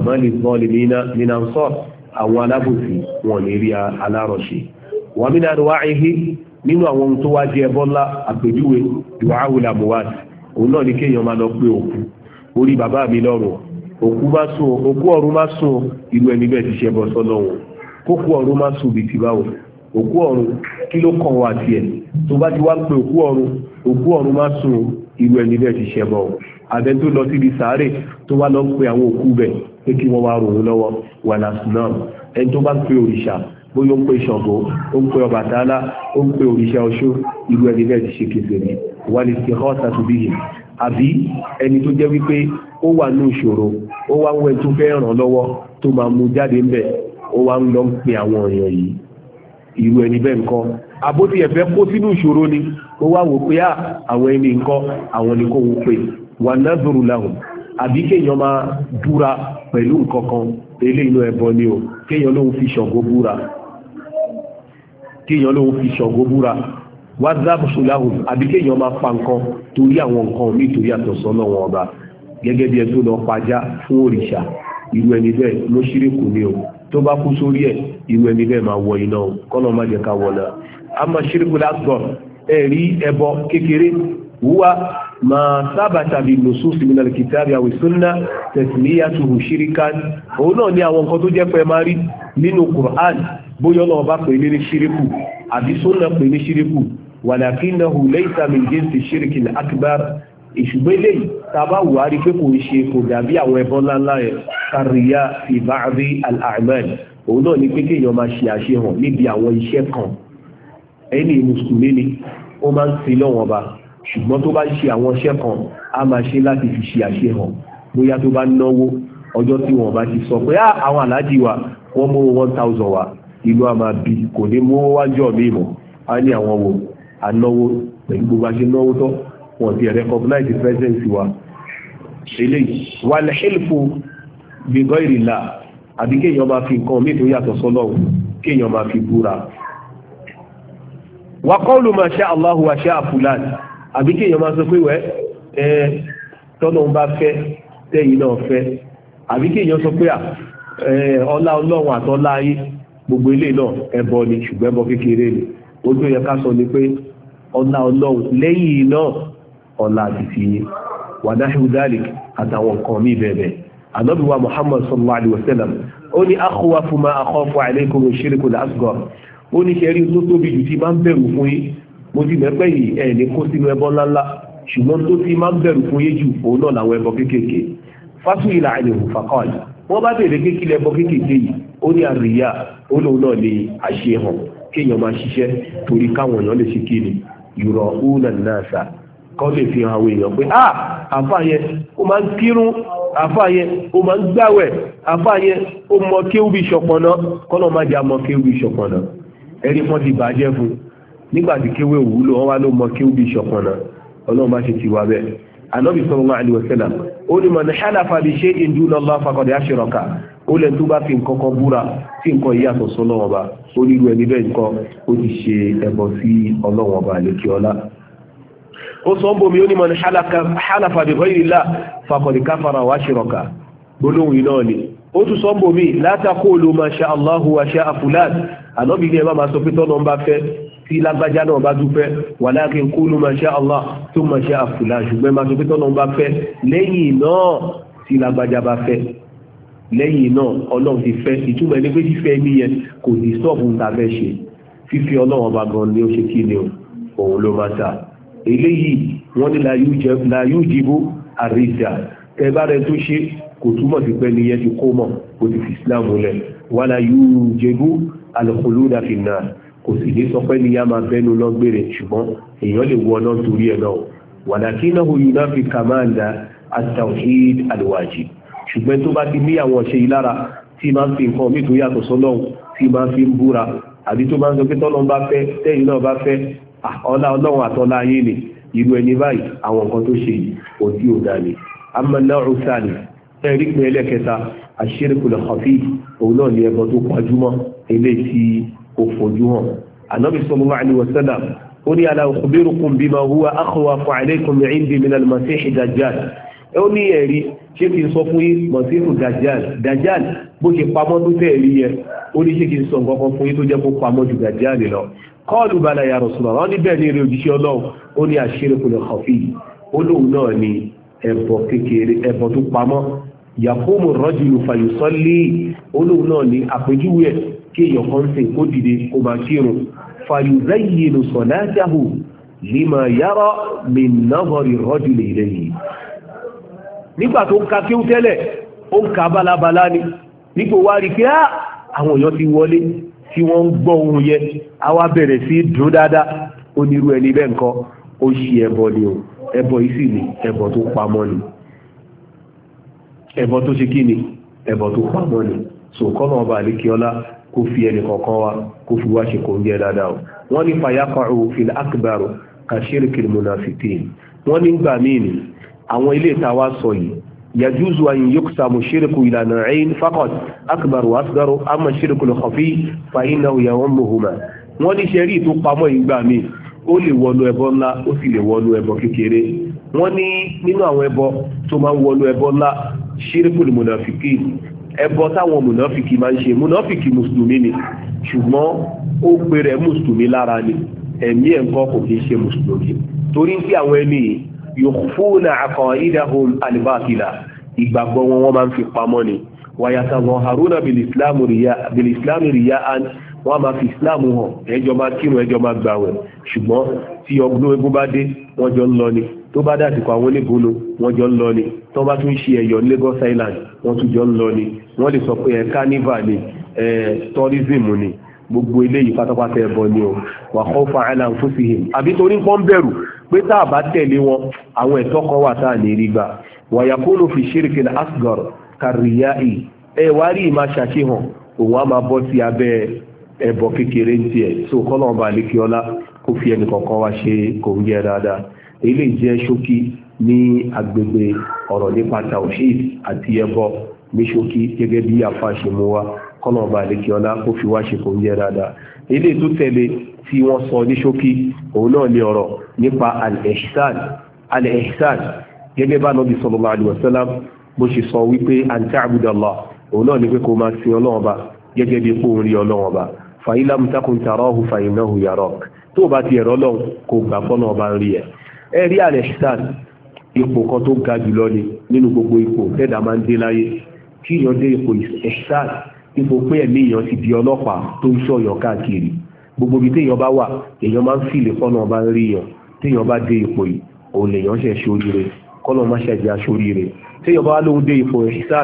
àwọn alábòsí wọn ní rí alárọ̀ṣe wà mí náà wá ehe nínú àwọn ohun tó wá jẹ bọ́lá àpèjúwe ìwàhùn làmùwàd òun náà ní kéèyàn máa lọ pé òkú orí bàbá mi lọ́rùn òkú bá sùn òkú ọ̀run bá sùn irú ẹni bẹ́ẹ̀ ti ṣe bọ́ sọ́lọ́wọ́ sàárè tó wá lọ pé àwọn òkú bẹ́ẹ̀ pé kí wọ́n wá ròhun lọ́wọ́ wàlá sinam ẹni tó bá ń pe òrìṣà bóyá ó ń pe ṣọ̀bọ̀ ó ń pe ọbàtálá ó ń pe òrìṣà ọṣó irú ẹni bẹ́ẹ̀ ti ṣe kèfèrí wàlẹ̀ sí ọ́ta tó bí yìí àbí ẹni tó jẹ́ wípé ó wà ní ìṣòro ó wá ń wẹ́ tó fẹ́ ràn lọ́wọ́ tó máa mú jáde ń bẹ̀ ó wá ń lọ ń pe àwọn èèyàn yìí irú ẹni bẹ́ẹ̀ nǹkan àbótí kó sínú ìṣòro ni ó wá wò pé àwọn ẹni nǹkan àwọn ni kò wò pé wà náà zòrò láhùn àbí kéèyàn máa búra pẹ̀lú nǹkan kan eléyìí inú ẹbọ ni o kéèyàn lóun fi ṣọ̀gó búra kéèyàn lóun fi ṣọ̀gó búra wázáàbù ṣùláhù àbí kéèyàn máa pa nǹkan torí àwọn nǹkan mi torí àtọ̀sọ́ náà wọn ọba gẹ́gẹ́ bí ẹ tó lọ pajá fún òrìṣà irú ẹni bẹ́ẹ̀ ló ṣíríkù ni o tó bá kú sórí ẹ̀ irú ẹni bẹ́ẹ̀ máa wọ iná kọ́nà má jẹ́ ká wọlé a máa ṣíríkù lásán ẹ̀rí ẹbọ kékeré wúwa ma sábàtà bí lòsùsì mi nàlẹ̀ kìtàbí àwẹ̀ súnná tẹ̀síníyà tuhu ṣíríkan òun náà ní àwọn nǹkan tó jẹ́ pé máa rí nínú Qur'an bóyá náà bá pè ní ṣíríkù àbí súnná pè ní ṣíríkù wàlàkínnahu laysa min jinsi ṣíríkì akbar ìṣùgbọ́n eléyìí tàbá wù á rí pé kò ń ṣe kò dàbí àwọn ẹbọ ńláńlá yẹn kàríyá fi ba'di al-a'mal òun náà ni pé kéèyàn máa ṣe àṣehàn níbi àwọn iṣẹ́ kan ẹni mùsùlùmí ni ó máa ń sin lọ́wọ́n ba ṣùgbọ́n tó bá ṣe àwọn iṣẹ́ kan a máa ṣe láti fi ṣe àṣẹ hàn bóyá tó bá náwó ọjọ́ tí wọ́n bá ti sọ pé ah, àwọn aláàjì wa wọ́n mú one thousand wa inú a máa bí kò ní mú wájọ́ mi mọ̀ a ní àwọn wo anáwó pẹ̀lú gbogbo àṣẹ náwó tọ́ wọ́n ti recognize the presence wa eléyìí wà lẹ́hìlfù gbígbọ́ ìrìlà àbí kéèyàn máa fi nǹkan mí tó yàtọ̀ sọ́lọ́hùn kéèyàn máa fi búra wà kọ́ọ̀lù máa ṣá Allahu àfúlàní àbí kéèyàn máa sọ pé wẹ́ ẹ tọ́lọ́ ń bá fẹ́ tẹ́yìn náà fẹ́ àbí kéèyàn sọ pé ọlá ọlọ́run àtọ́lá ayé gbogbo ilé náà ẹbọ ni ṣùgbọ́n ẹbọ kékeré ni ó tó yẹ ká sọ ni pé ọlá ọlọ́run lẹ́yìn náà ọlá àtìtì yìí wàdáhùn dálìk àtàwọn nǹkan mí bẹ̀rẹ̀ ànábìwá Muhammad sallallahu alayhi wa sallam ó ní àkọwà fún ma àkọ́fọ́ àìlẹ́kùnrin ṣírí kò lásìkò ó ní kẹrí tó tóbi jù tí máa ń bẹ̀rù fún yín mo ti mẹ́pẹ́ yìí ẹ̀ lè kó sínú ẹbọ ńláńlá ṣùgbọ́n tó ti máa ń bẹ̀rù fún yéjù òun náà làwọn ẹbọ kéékèèké fásitì ìlà àìlèhùn fàkọ́ọ̀lì wọ́n bá bèèrè kékeré ẹbọ kéékèèké yìí ó ní àríyá ó lóun náà lè àṣehàn kéèyàn máa ṣiṣẹ́ torí káwọn èèyàn lè ṣe kéènì yùrọ̀ òun náà sà kọ́ lè fi hàn àwọn èèyàn pé ah àfààyẹ ó máa ń kírun àfààyẹ ó máa ń gbàwẹ̀ àfààyẹ ó mọ kéwù bí ṣọpọ̀nà kọ́nà má jẹ́ àmọ́ kéwù bí ṣọpọ̀nà ẹ̀rí fọ́n ti bàjẹ́ fún un nígbàtí kéwé òwúlò wọn wá ló mọ kéwú bí ṣọ̀pọ̀nà ọlọ́run bá ṣe ti wà bẹ́ẹ̀ ànábì sallallahu alaihi wasallam ó ní man halafa bi shay'in duna Allah faqad ashraka ó lẹ́nu tó bá fi nǹkan kan búra tí nǹkan yìí yàtọ̀ sọ́nà ọba ó nílùú ẹni bẹ́ẹ̀ nǹkan ó ti ṣe ẹbọ sí ọlọ́run ọba àlekí ọlá ó sọ bomi ó ní man halafa bi ghayri Allah faqad kafara wa ashraka gbólóhùn iná ni ó tún sọ bomi la taqulu ma sha Allahu wa sha ànábì ní ẹ bá máa sọ pé tọ́nà ń bá fẹ́ tí lágbájá náà bá dúpẹ́ walakin qulu ma sha Allah thumma sha'a fulan ṣùgbọ́n máa sọ pé tọ́nà bá fẹ́ lẹ́yìn náà tí lágbájá bá fẹ́ lẹ́yìn náà ọlọ́run ti fẹ́ ìtumọ̀ ẹni pé fífẹ́ ẹni yẹn kò ní sọ́ọ̀bù ń tàbẹ́ ṣe fífi ọlọ́run ọba gan ni ó ṣe kí ni òun ló máa ta eléyìí wọ́n ní la yujibu àríjà tẹ́bá rẹ tó ṣe kò túmọ̀ sí pé ni yẹn ti kó mọ̀ kò ti fi Islam lẹ̀ wala yujibu al-khuluda fin nar kò sì ní sọ pé ní yá máa bẹ́nu lọ́gbèrè ṣùgbọ́n èèyàn lè wọ náà torí ẹ̀ náà wàdàkí náà oyún náà fi kàmáàdà at-tawhid al-wajib ṣùgbọ́n tó bá ti ní àwọn ọ̀ṣẹ́ ìlara tí máa ń fi nǹkan omi tó yàtọ̀ sọ́lọ́hun tí máa ń fi ń búra àbí tó máa ń sọ pé tọ́lọ́n bá fẹ́ tẹ́yìn náà bá fẹ́ ọlá ọlọ́run àtọ́lá ayé ni irú ẹni báyìí àwọn nǹkan tó ṣe òdí òdà ni kò fojú hàn anabi sallallahu alaihi wasallam ó ní ala ukhbirukum bima huwa akhwafu alaykum indi min al-masihi dajjal ó ní ẹ̀rí ṣé kí n sọ fún yín masihu dajjal dajjal bó ṣe pamọ́ tó tẹ̀ rí yẹ ó ní ṣé kí n sọ nǹkan kan fún yín tó jẹ́ kó pamọ́ ju dajjal lọ qalu bala ya rasulullah ní bẹ́ẹ̀ ni eré òjíṣẹ́ ọlọ́run ó ní ashirkul khafi kí èèyàn kan sì kó dìde kó máa kírun fàyùzáyìnù sọ̀lájáhù lima yára mìnàbọ̀rì rọ́jùlẹ̀ ilẹ̀ yìí nígbà tó ń ka kí ó tẹ́lẹ̀ ó ń ka bálabàlá ni nígbò wá rí pé àwọn èèyàn ti wọlé tí wọ́n ń gbọ́ ohun yẹn a wá bẹ̀rẹ̀ sí dùn dáadáa ó nírú ẹni bẹ́ẹ̀ nǹkan ó ṣe ẹbọ ni o ẹbọ yìí sì ni ẹbọ tó pamọ́ ni ẹbọ tó ṣe kí ni ẹbọ tó pamọ́ ni so ọba àlékiọlá kó fi ẹnì kọ̀ọ̀kan wa kó fi wá ṣe kò ń jẹ́ dáadáa o wọ́n ní fàyàkọ̀ọ́ fil akbar kashirikil munafiqin wọ́n ní gbà míì ni àwọn ilé ìta wa sọ yìí yajuzu an yuksamu shirku ila na'in faqat akbar wa asgaru amma shirku al-khafi fa innahu yawmuhuma wọ́n ní ṣẹ́rí tó pamọ́ ìgbà míì ó lè wọnú ẹbọ ńlá ó sì lè wọnú ẹbọ kékeré wọ́n ní nínú àwọn ẹbọ tó máa shirku al-munafiqin ẹbọ táwọn mùnáfìkì máa ń ṣe mùnáfìkì mùsùlùmí ni ṣùgbọ́n ó pe mùsùlùmí lára ni ẹ̀mí ẹ̀ ńkọ́ kò kí ń ṣe mùsùlùmí torí pé àwọn ẹni yukhfuna aqaidahum al-batila ìgbàgbọ́ wọn wọ́n máa ń fi pamọ́ ni wayatazaharuna bil-islami riya'an wọ́n máa fi islam hàn ẹjọ́ máa kírun ẹjọ́ máa gbàwẹ̀ ṣùgbọ́n tí ọgbọ́n egun bá dé wọ́n jọ ń lọ ni tó bá dàsìkò àwọn onígbóno wọ́n jọ ń lọ ni tó bá tún ṣe ẹ̀yọ̀ ní Lagos Island wọ́n tún jọ ń lọ ni wọ́n lè sọ pé ẹ̀ carnival ni ẹ̀ tourism ni gbogbo eléyìí pátápátá ẹbọ ni o wà kọ́ fa àlà ń fúsì hìm àbí torí wọn àwọn ẹ̀tọ́ kan wà tá ní rí gbà wàyà kó ló fi asgar kàríyá ì ẹ wá rí ìmá òun á máa bọ́ sí abẹ́ kékeré ń tiẹ̀ tó kọ́nà ọba kó fi ẹnì kọ̀ọ̀kan wá ṣe kò ń ní ṣókí gẹ́gẹ́ bí àfa ṣe mú wa kọ́nà ọba àlejò ọlá kó fi wá ṣe kò ń jẹ́ dáadáa ilé tó tẹ̀lé tí wọ́n sọ ní ṣókí òun náà ní ọ̀rọ̀ nípa al ehsan al-ihsan gẹ́gẹ́ bá nọ́bí sallallahu alaihi wasallam bó ṣe sọ wípé an ta'budu Allah òun náà fa illam takun fa innahu yarak tó o bá ti ẹ̀rọ ọlọ́run kò al-ihsan ipò kan tó ga jùlọ ni nínú gbogbo kí èèyàn dé ipò ẹ̀ṣáà ipò pé ẹ̀mí èèyàn ti di ọlọ́pàá tó ń ṣọ̀yàn káàkiri gbogbo ibi téèyàn bá wà èèyàn máa ń fìlè kọ́nà ọba ń rí yàn téèyàn bá dé ipò yìí òun lèèyàn ṣe ṣoríire kọ́nà má ṣe jẹ́ aṣoríire téèyàn bá lóun dé ipò ẹ̀ṣáà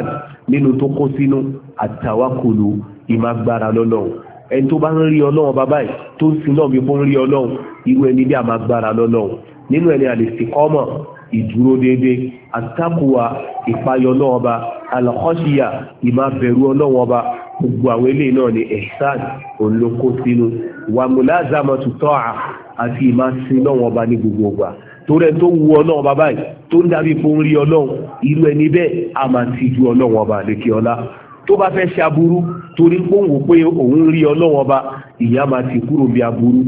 nínú tó kó sínú àtàwákùlù ìmágbára lọ́lọ́run ẹni tó bá ń rí ọlọ́run bàbá tó ń sin náà bí fún rí ọlọ́run irú ẹni bí àmágbára lọ́lọ́run nínú ẹni àlèsìkọ́mọ̀ ìdúró déédéé àtàkùwà ìpayọ náà ọba alọ́kọ́ṣíyà ìmáfẹ̀rú ọlọ́wọ́n ọba gbogbo àwọn eléyìí náà ni ẹ̀sán olóko sínú wàmúlázàmọ̀tò tọ́à àti ìmásin lọ́wọ́n ọba ní gbogbo ọgbà torí ẹ tó wu ọlọ́run bàbá yìí tó ń dàbí fún rí ọlọ́run irú ẹni bẹ́ẹ̀ a máa ti ju ọlọ́run ọba lékè ọlá tó bá fẹ́ ṣe aburú torí pé òun pé òun rí ọlọ́run ọba ìyá máa ti kúrò bí aburú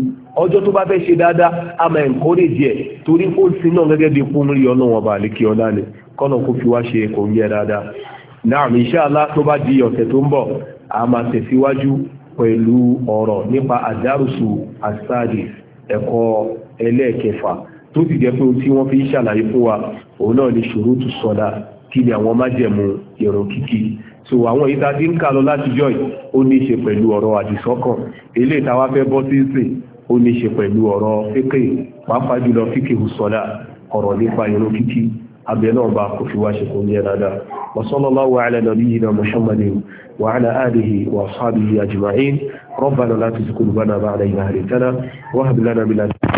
ọjọ́ tó bá fẹ́ ṣe dáadáa a máa encourage ẹ̀ torí pé ó ti náà gẹ́gẹ́ bí fún rí ọlọ́run ọba lékè ọlá ni kọ́nà kó fi wá ṣe kò ń yẹ dáadáa náà inshallah tó bá di ọ̀sẹ̀ tó ń bọ̀ a máa tẹ̀síwájú pẹ̀lú ọ̀rọ̀ nípa àdárùsù àsáàdì ẹ̀kọ́ ẹlẹ́ẹ̀kẹfà tó sì jẹ́ pé tí wọ́n fi ń ṣàlàyé fún wa òun náà ni ṣùrútù sọ̀dà kí ni àwọn májẹ̀mú ìrun kíkí so àwọn èyí tá a ti ń kà lọ látijọ́ yìí ó ní í ṣe pẹ̀lú ọ̀rọ̀ àdìsọ́kàn eléyìí táwa fẹ́ bọ́ sí sìn ó ní í ṣe pẹ̀lú ọ̀rọ̀ fíkè pàápàá jùlọ fíkè hùsọ̀dà ọ̀rọ̀ nípa ìrun kíkí abẹ̀lọ́ ọba kò fi wá ṣe kò ní ẹ̀dàdà wasallallahu ala nabiyyina muhammadin wa ala alihi wa ashabihi ajma'in rabbana la tuzigh qulubana ba'da idh hadaytana wa hab lana